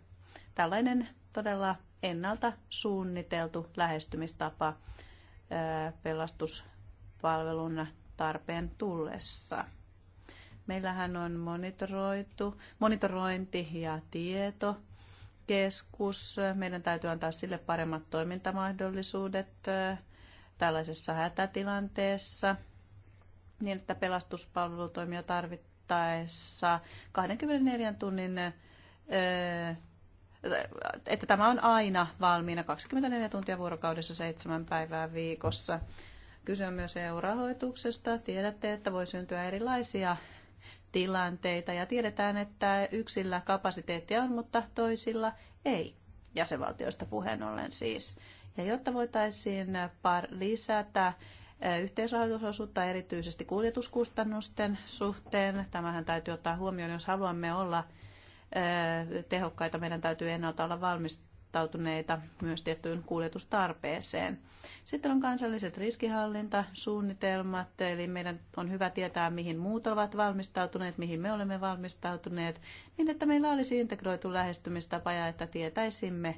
tällainen todella ennalta suunniteltu lähestymistapa pelastuspalvelun tarpeen tullessa. Meillähän on monitoroitu, monitorointi ja tieto keskus. Meidän täytyy antaa sille paremmat toimintamahdollisuudet tällaisessa hätätilanteessa, niin että pelastuspalvelutoimia tarvittaessa 24 tunnin että tämä on aina valmiina 24 tuntia vuorokaudessa seitsemän päivää viikossa. Kyse on myös EU-rahoituksesta. Tiedätte, että voi syntyä erilaisia tilanteita ja tiedetään, että yksillä kapasiteettia on, mutta toisilla ei. Jäsenvaltioista puheen ollen siis. Ja jotta voitaisiin lisätä eh, yhteisrahoitusosuutta erityisesti kuljetuskustannusten suhteen, tämähän täytyy ottaa huomioon, jos haluamme olla tehokkaita. Meidän täytyy ennalta olla valmistautuneita myös tiettyyn kuljetustarpeeseen. Sitten on kansalliset riskihallintasuunnitelmat, eli meidän on hyvä tietää, mihin muut ovat valmistautuneet, mihin me olemme valmistautuneet, niin että meillä olisi integroitu lähestymistapa ja että tietäisimme,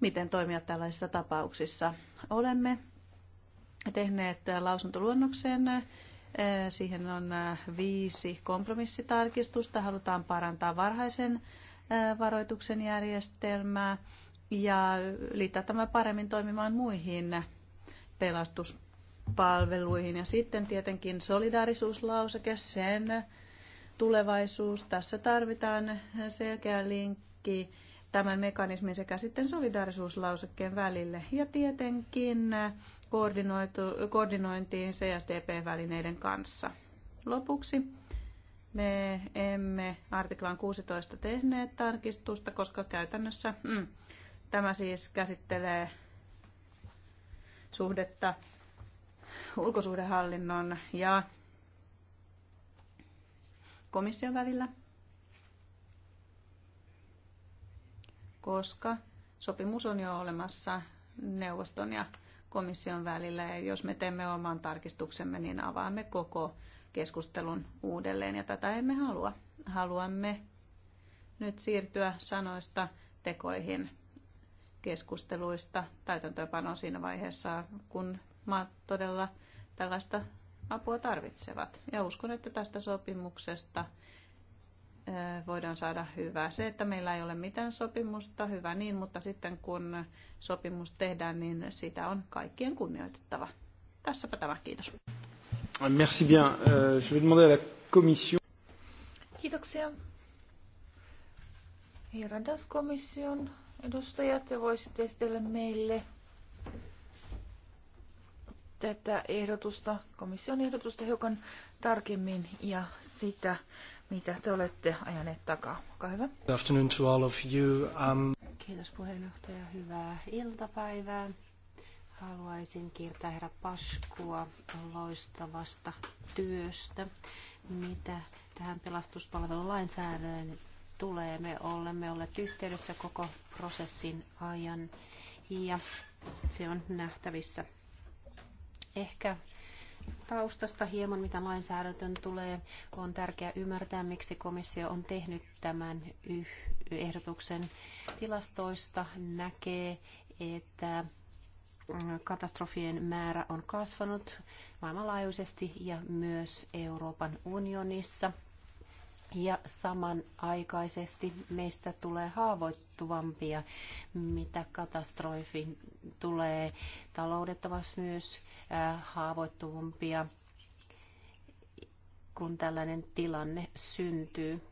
miten toimia tällaisissa tapauksissa. Olemme tehneet lausuntoluonnoksen Eh, siihen on eh, viisi kompromissitarkistusta. Halutaan parantaa varhaisen eh, varoituksen järjestelmää ja liittää tämä paremmin toimimaan muihin pelastuspalveluihin. Ja sitten tietenkin solidaarisuuslauseke, sen tulevaisuus. Tässä tarvitaan selkeä linkki tämän mekanismin sekä sitten solidaarisuuslausekkeen välille ja tietenkin koordinointiin CSDP-välineiden kanssa. Lopuksi me emme artiklan 16 tehneet tarkistusta, koska käytännössä mm, tämä siis käsittelee suhdetta ulkosuhdehallinnon ja komission välillä – koska sopimus on jo olemassa neuvoston ja komission välillä. Ja jos me teemme oman tarkistuksemme, niin avaamme koko keskustelun uudelleen. Ja tätä emme halua. Haluamme nyt siirtyä sanoista tekoihin keskusteluista täytäntöönpanoon siinä vaiheessa, kun maat todella tällaista apua tarvitsevat. Ja uskon, että tästä sopimuksesta voidaan saada hyvää. Se, että meillä ei ole mitään sopimusta, hyvä niin, mutta sitten kun sopimus tehdään, niin sitä on kaikkien kunnioitettava. Tässäpä tämä, kiitos. Merci bien. Euh, je vais demander à la commission. Kiitoksia. das komission edustajat, te voisitte esitellä meille tätä ehdotusta, komission ehdotusta hiukan tarkemmin ja sitä mitä te olette ajaneet takaa. Olkaa hyvä. Good afternoon to all of you. Um... Kiitos puheenjohtaja. Hyvää iltapäivää. Haluaisin kiittää herra Paskua loistavasta työstä, mitä tähän lainsäädännön tulee. Me olemme olleet yhteydessä koko prosessin ajan ja se on nähtävissä. Ehkä taustasta hieman, mitä lainsäädäntöön tulee. On tärkeää ymmärtää, miksi komissio on tehnyt tämän ehdotuksen tilastoista. Näkee, että mm, katastrofien määrä on kasvanut maailmanlaajuisesti ja myös Euroopan unionissa – ja samanaikaisesti meistä tulee haavoittuvampia, mitä katastrofi tulee. Taloudet ovat myös haavoittuvampia, kun tällainen tilanne syntyy.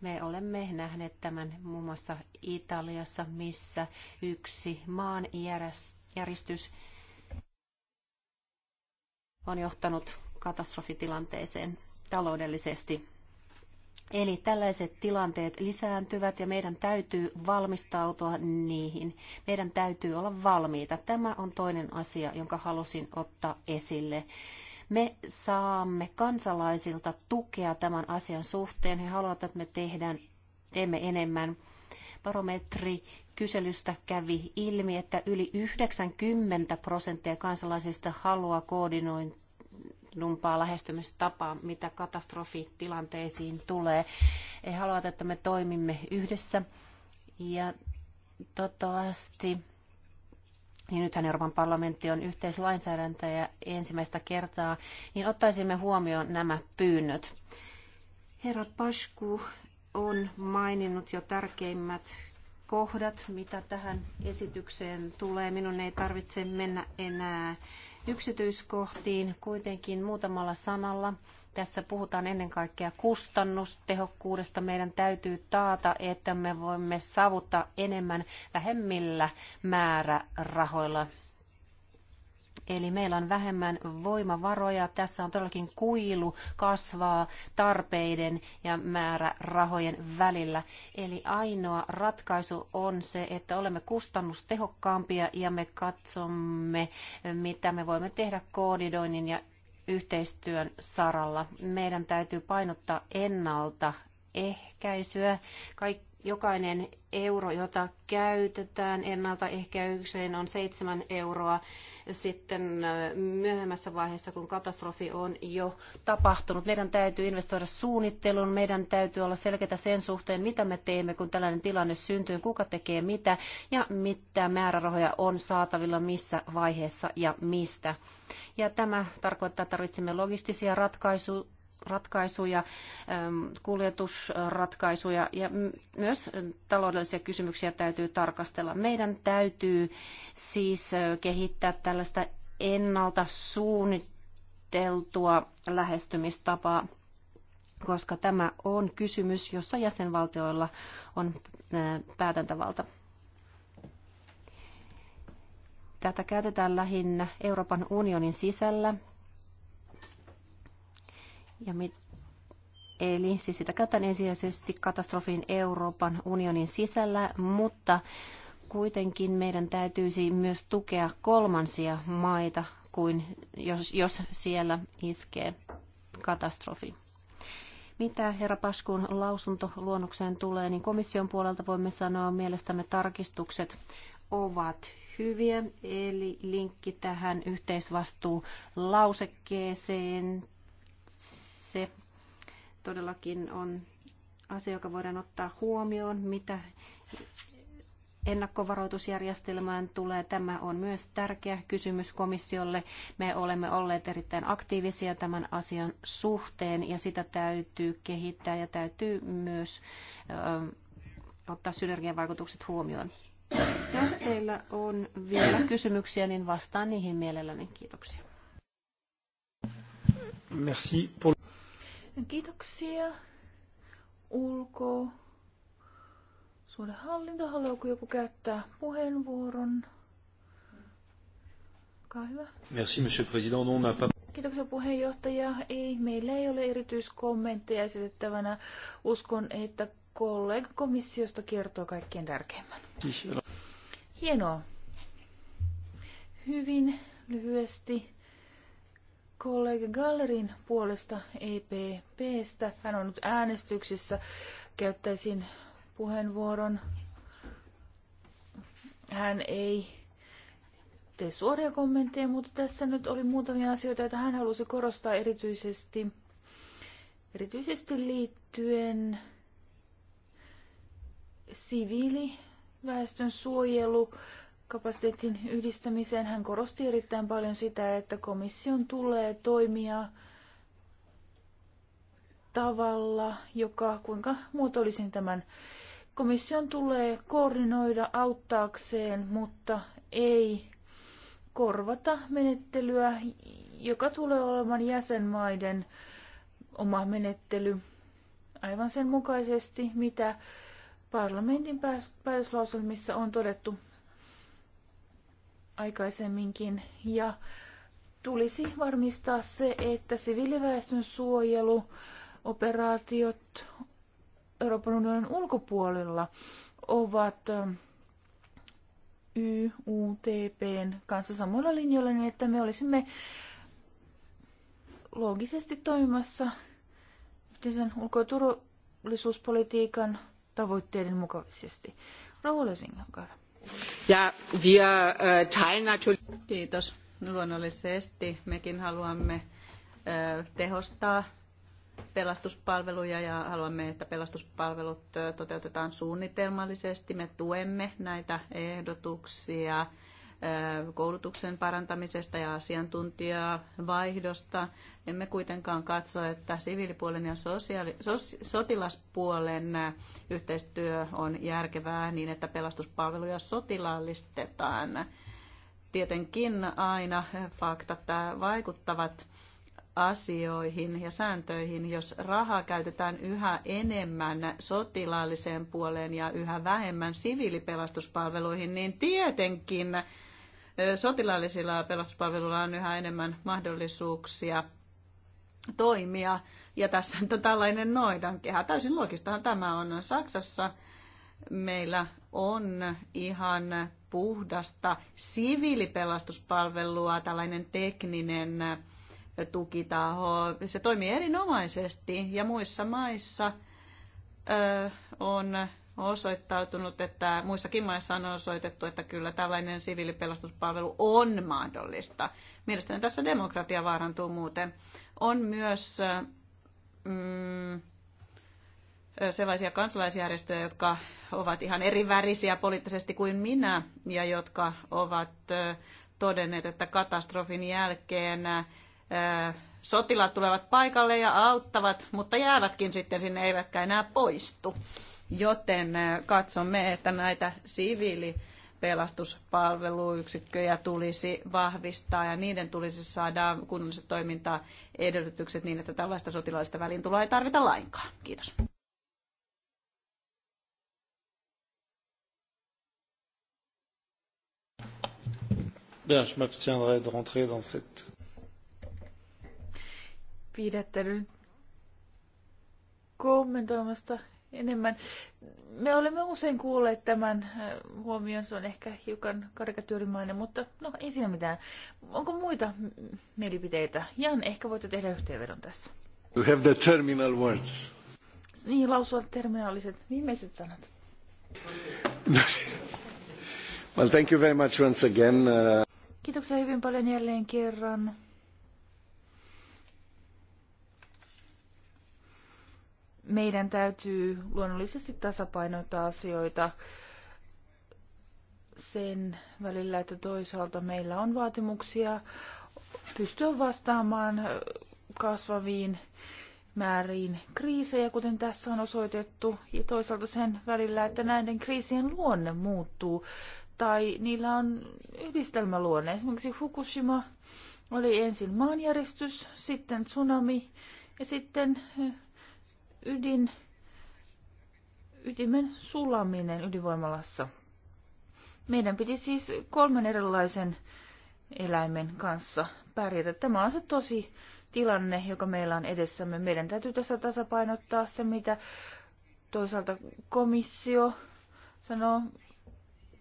Me olemme nähneet tämän muun muassa Italiassa, missä yksi maan järjestys on johtanut katastrofitilanteeseen taloudellisesti Eli tällaiset tilanteet lisääntyvät ja meidän täytyy valmistautua niihin. Meidän täytyy olla valmiita. Tämä on toinen asia, jonka halusin ottaa esille. Me saamme kansalaisilta tukea tämän asian suhteen. He haluavat, että me tehdään, teemme enemmän. Barometri kyselystä kävi ilmi, että yli 90 prosenttia kansalaisista haluaa koordinointia numpaa lähestymistapa, mitä katastrofitilanteisiin tulee. Ei halua, että me toimimme yhdessä ja toivottavasti niin nythän Euroopan parlamentti on ja ensimmäistä kertaa, niin ottaisimme huomioon nämä pyynnöt. Herra Pasku on maininnut jo tärkeimmät kohdat, mitä tähän esitykseen tulee. Minun ei tarvitse mennä enää yksityiskohtiin kuitenkin muutamalla sanalla. Tässä puhutaan ennen kaikkea kustannustehokkuudesta. Meidän täytyy taata, että me voimme saavuttaa enemmän vähemmillä määrärahoilla. Eli meillä on vähemmän voimavaroja. Tässä on todellakin kuilu kasvaa tarpeiden ja määrärahojen välillä. Eli ainoa ratkaisu on se, että olemme kustannustehokkaampia ja me katsomme, mitä me voimme tehdä koordinoinnin ja yhteistyön saralla. Meidän täytyy painottaa ennalta ehkäisyä. Kaik- jokainen euro, jota käytetään ennaltaehkäykseen, on seitsemän euroa. Sitten myöhemmässä vaiheessa, kun katastrofi on jo tapahtunut, meidän täytyy investoida suunnitteluun, meidän täytyy olla selkeitä sen suhteen, mitä me teemme, kun tällainen tilanne syntyy, kuka tekee mitä ja mitä määrärahoja on saatavilla missä vaiheessa ja mistä. Ja tämä tarkoittaa, että tarvitsemme logistisia ratkaisuja ratkaisuja, kuljetusratkaisuja ja myös taloudellisia kysymyksiä täytyy tarkastella. Meidän täytyy siis kehittää tällaista ennalta suunniteltua lähestymistapaa, koska tämä on kysymys, jossa jäsenvaltioilla on päätäntävalta. Tätä käytetään lähinnä Euroopan unionin sisällä ja mi- Eli siis sitä käytetään ensisijaisesti katastrofiin Euroopan unionin sisällä, mutta kuitenkin meidän täytyisi myös tukea kolmansia maita, kuin jos, jos siellä iskee katastrofi. Mitä herra Paskun lausuntoluonnokseen tulee, niin komission puolelta voimme sanoa että mielestämme tarkistukset ovat hyviä, eli linkki tähän yhteisvastuu lausekkeeseen se todellakin on asia, joka voidaan ottaa huomioon, mitä ennakkovaroitusjärjestelmään tulee. Tämä on myös tärkeä kysymys komissiolle. Me olemme olleet erittäin aktiivisia tämän asian suhteen ja sitä täytyy kehittää ja täytyy myös ö, ottaa synergian vaikutukset huomioon. Jos teillä on vielä kysymyksiä, niin vastaan niihin mielelläni. Kiitoksia. Merci pour... Kiitoksia. Ulko. Suuren hallinto, haluaako joku käyttää puheenvuoron? Olkaa hyvä. Merci, monsieur président. Non, pas... Kiitoksia puheenjohtaja. Ei, meillä ei ole erityiskommentteja esitettävänä. Uskon, että kollega komissiosta kertoo kaikkien tärkeimmän. Hienoa. Hyvin lyhyesti kollega Gallerin puolesta EPPstä. Hän on nyt äänestyksissä. Käyttäisin puheenvuoron. Hän ei tee suoria kommentteja, mutta tässä nyt oli muutamia asioita, joita hän halusi korostaa erityisesti, erityisesti liittyen siviiliväestön suojelu kapasiteetin yhdistämiseen. Hän korosti erittäin paljon sitä, että komission tulee toimia tavalla, joka kuinka muotoilisin tämän. Komission tulee koordinoida auttaakseen, mutta ei korvata menettelyä, joka tulee olemaan jäsenmaiden oma menettely aivan sen mukaisesti, mitä parlamentin päätöslauselmissa on todettu aikaisemminkin. Ja tulisi varmistaa se, että siviiliväestön suojelu, operaatiot Euroopan unionin ulkopuolella ovat ähm, YUTPn kanssa samoilla linjoilla, niin että me olisimme loogisesti toimimassa yhteisen ulko- ja turvallisuuspolitiikan tavoitteiden mukaisesti. Rauha ja wir äh, teilen natürlich... Kiitos. Luonnollisesti mekin haluamme äh, tehostaa pelastuspalveluja ja haluamme, että pelastuspalvelut äh, toteutetaan suunnitelmallisesti. Me tuemme näitä ehdotuksia koulutuksen parantamisesta ja asiantuntijavaihdosta. Emme kuitenkaan katso, että siviilipuolen ja sosiaali, sos, sotilaspuolen yhteistyö on järkevää niin, että pelastuspalveluja sotilaallistetaan. Tietenkin aina faktat äh, vaikuttavat asioihin ja sääntöihin, jos rahaa käytetään yhä enemmän sotilaalliseen puoleen ja yhä vähemmän siviilipelastuspalveluihin, niin tietenkin äh, sotilaallisilla pelastuspalveluilla on yhä enemmän mahdollisuuksia toimia. Ja tässä on tällainen noidankehä. Täysin loogistahan tämä on. Saksassa meillä on ihan puhdasta siviilipelastuspalvelua, tällainen tekninen tukitaho. Se toimii erinomaisesti ja muissa maissa ö, on osoittautunut, että muissakin maissa on osoitettu, että kyllä tällainen siviilipelastuspalvelu on mahdollista. Mielestäni tässä demokratia vaarantuu muuten on myös mm, sellaisia kansalaisjärjestöjä, jotka ovat ihan eri värisiä poliittisesti kuin minä ja jotka ovat todenneet, että katastrofin jälkeen sotilaat tulevat paikalle ja auttavat, mutta jäävätkin sitten sinne eivätkä enää poistu. Joten katsomme, että näitä siviili pelastuspalveluyksikköjä tulisi vahvistaa ja niiden tulisi saada kunnolliset toimintaedellytykset niin, että tällaista sotilaallista väliintuloa ei tarvita lainkaan. Kiitos. Bien, je m'abstiendrai de rentrer dans cette... kommentoimasta enemmän me olemme usein kuulleet tämän äh, huomion, se on ehkä hiukan karikatyyrimainen, mutta no ei siinä mitään. Onko muita mielipiteitä? Jan, ehkä voitte tehdä yhteenvedon tässä. You have the terminal words. Niin, lausua terminaaliset viimeiset sanat. [laughs] well, thank you very much once again. Uh, Kiitoksia hyvin paljon jälleen kerran. meidän täytyy luonnollisesti tasapainottaa asioita sen välillä, että toisaalta meillä on vaatimuksia pystyä vastaamaan kasvaviin määriin kriisejä, kuten tässä on osoitettu, ja toisaalta sen välillä, että näiden kriisien luonne muuttuu tai niillä on yhdistelmäluonne. Esimerkiksi Fukushima oli ensin maanjäristys, sitten tsunami ja sitten ydin, ytimen sulaminen ydinvoimalassa. Meidän piti siis kolmen erilaisen eläimen kanssa pärjätä. Tämä on se tosi tilanne, joka meillä on edessämme. Meidän täytyy tässä tasapainottaa se, mitä toisaalta komissio sanoo.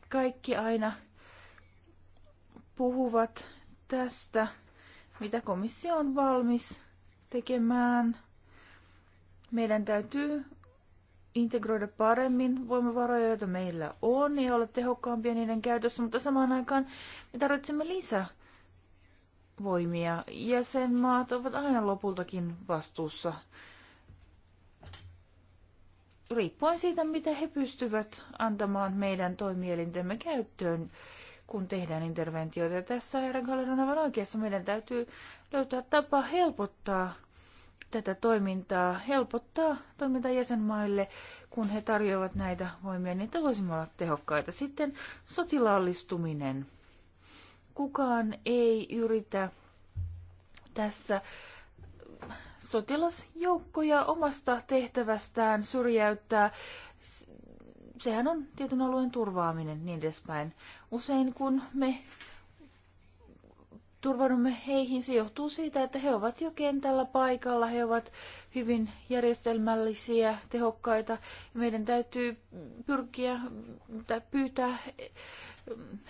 Kaikki aina puhuvat tästä, mitä komissio on valmis tekemään – meidän täytyy integroida paremmin voimavaroja, joita meillä on, ja olla tehokkaampia niiden käytössä, mutta samaan aikaan me tarvitsemme lisää voimia. Jäsenmaat ovat aina lopultakin vastuussa, riippuen siitä, mitä he pystyvät antamaan meidän toimielintemme käyttöön, kun tehdään interventioita. Ja tässä herra on aivan oikeassa meidän täytyy löytää tapa helpottaa tätä toimintaa, helpottaa toimintaa jäsenmaille, kun he tarjoavat näitä voimia, niin että voisimme olla tehokkaita. Sitten sotilaallistuminen. Kukaan ei yritä tässä sotilasjoukkoja omasta tehtävästään syrjäyttää. Sehän on tietyn alueen turvaaminen niin edespäin. Usein kun me turvaudumme heihin, se johtuu siitä, että he ovat jo kentällä paikalla, he ovat hyvin järjestelmällisiä, tehokkaita. Meidän täytyy pyrkiä tai pyytää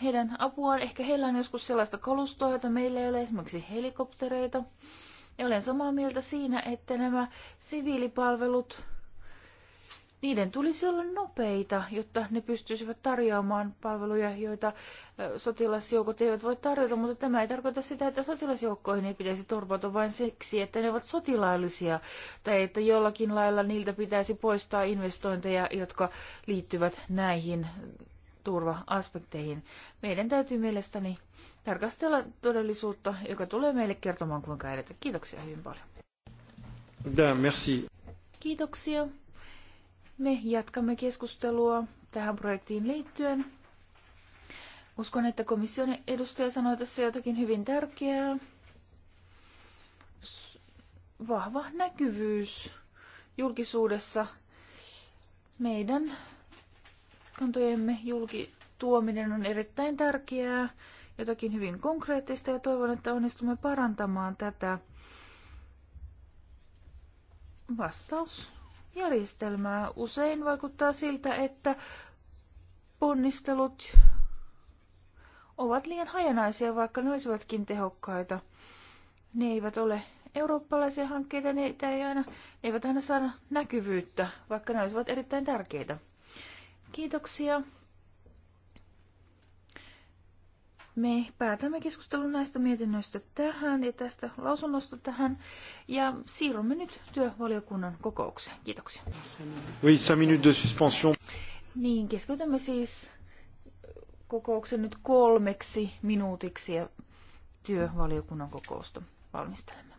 heidän apuaan. Ehkä heillä on joskus sellaista kalustoa, jota meillä ei ole esimerkiksi helikoptereita. Ja olen samaa mieltä siinä, että nämä siviilipalvelut niiden tulisi olla nopeita, jotta ne pystyisivät tarjoamaan palveluja, joita sotilasjoukot eivät voi tarjota, mutta tämä ei tarkoita sitä, että sotilasjoukkoihin ei pitäisi turvata vain siksi, että ne ovat sotilaallisia, tai että jollakin lailla niiltä pitäisi poistaa investointeja, jotka liittyvät näihin turva-aspekteihin. Meidän täytyy mielestäni tarkastella todellisuutta, joka tulee meille kertomaan, kuinka edetä. Kiitoksia hyvin paljon. Da, merci. Kiitoksia. Me jatkamme keskustelua tähän projektiin liittyen. Uskon, että komission edustaja sanoi tässä jotakin hyvin tärkeää. Vahva näkyvyys julkisuudessa. Meidän kantojemme julkituominen on erittäin tärkeää, jotakin hyvin konkreettista ja toivon, että onnistumme parantamaan tätä. Vastaus järjestelmää. Usein vaikuttaa siltä, että ponnistelut ovat liian hajanaisia, vaikka ne olisivatkin tehokkaita. Ne eivät ole eurooppalaisia hankkeita, ne ei aina, eivät aina saada näkyvyyttä, vaikka ne olisivat erittäin tärkeitä. Kiitoksia. Me päätämme keskustelun näistä mietinnöistä tähän ja tästä lausunnosta tähän ja siirrymme nyt työvaliokunnan kokoukseen. Kiitoksia. Oui, minutes de suspension. Niin, keskeytämme siis kokouksen nyt kolmeksi minuutiksi ja työvaliokunnan kokousta valmistelemme.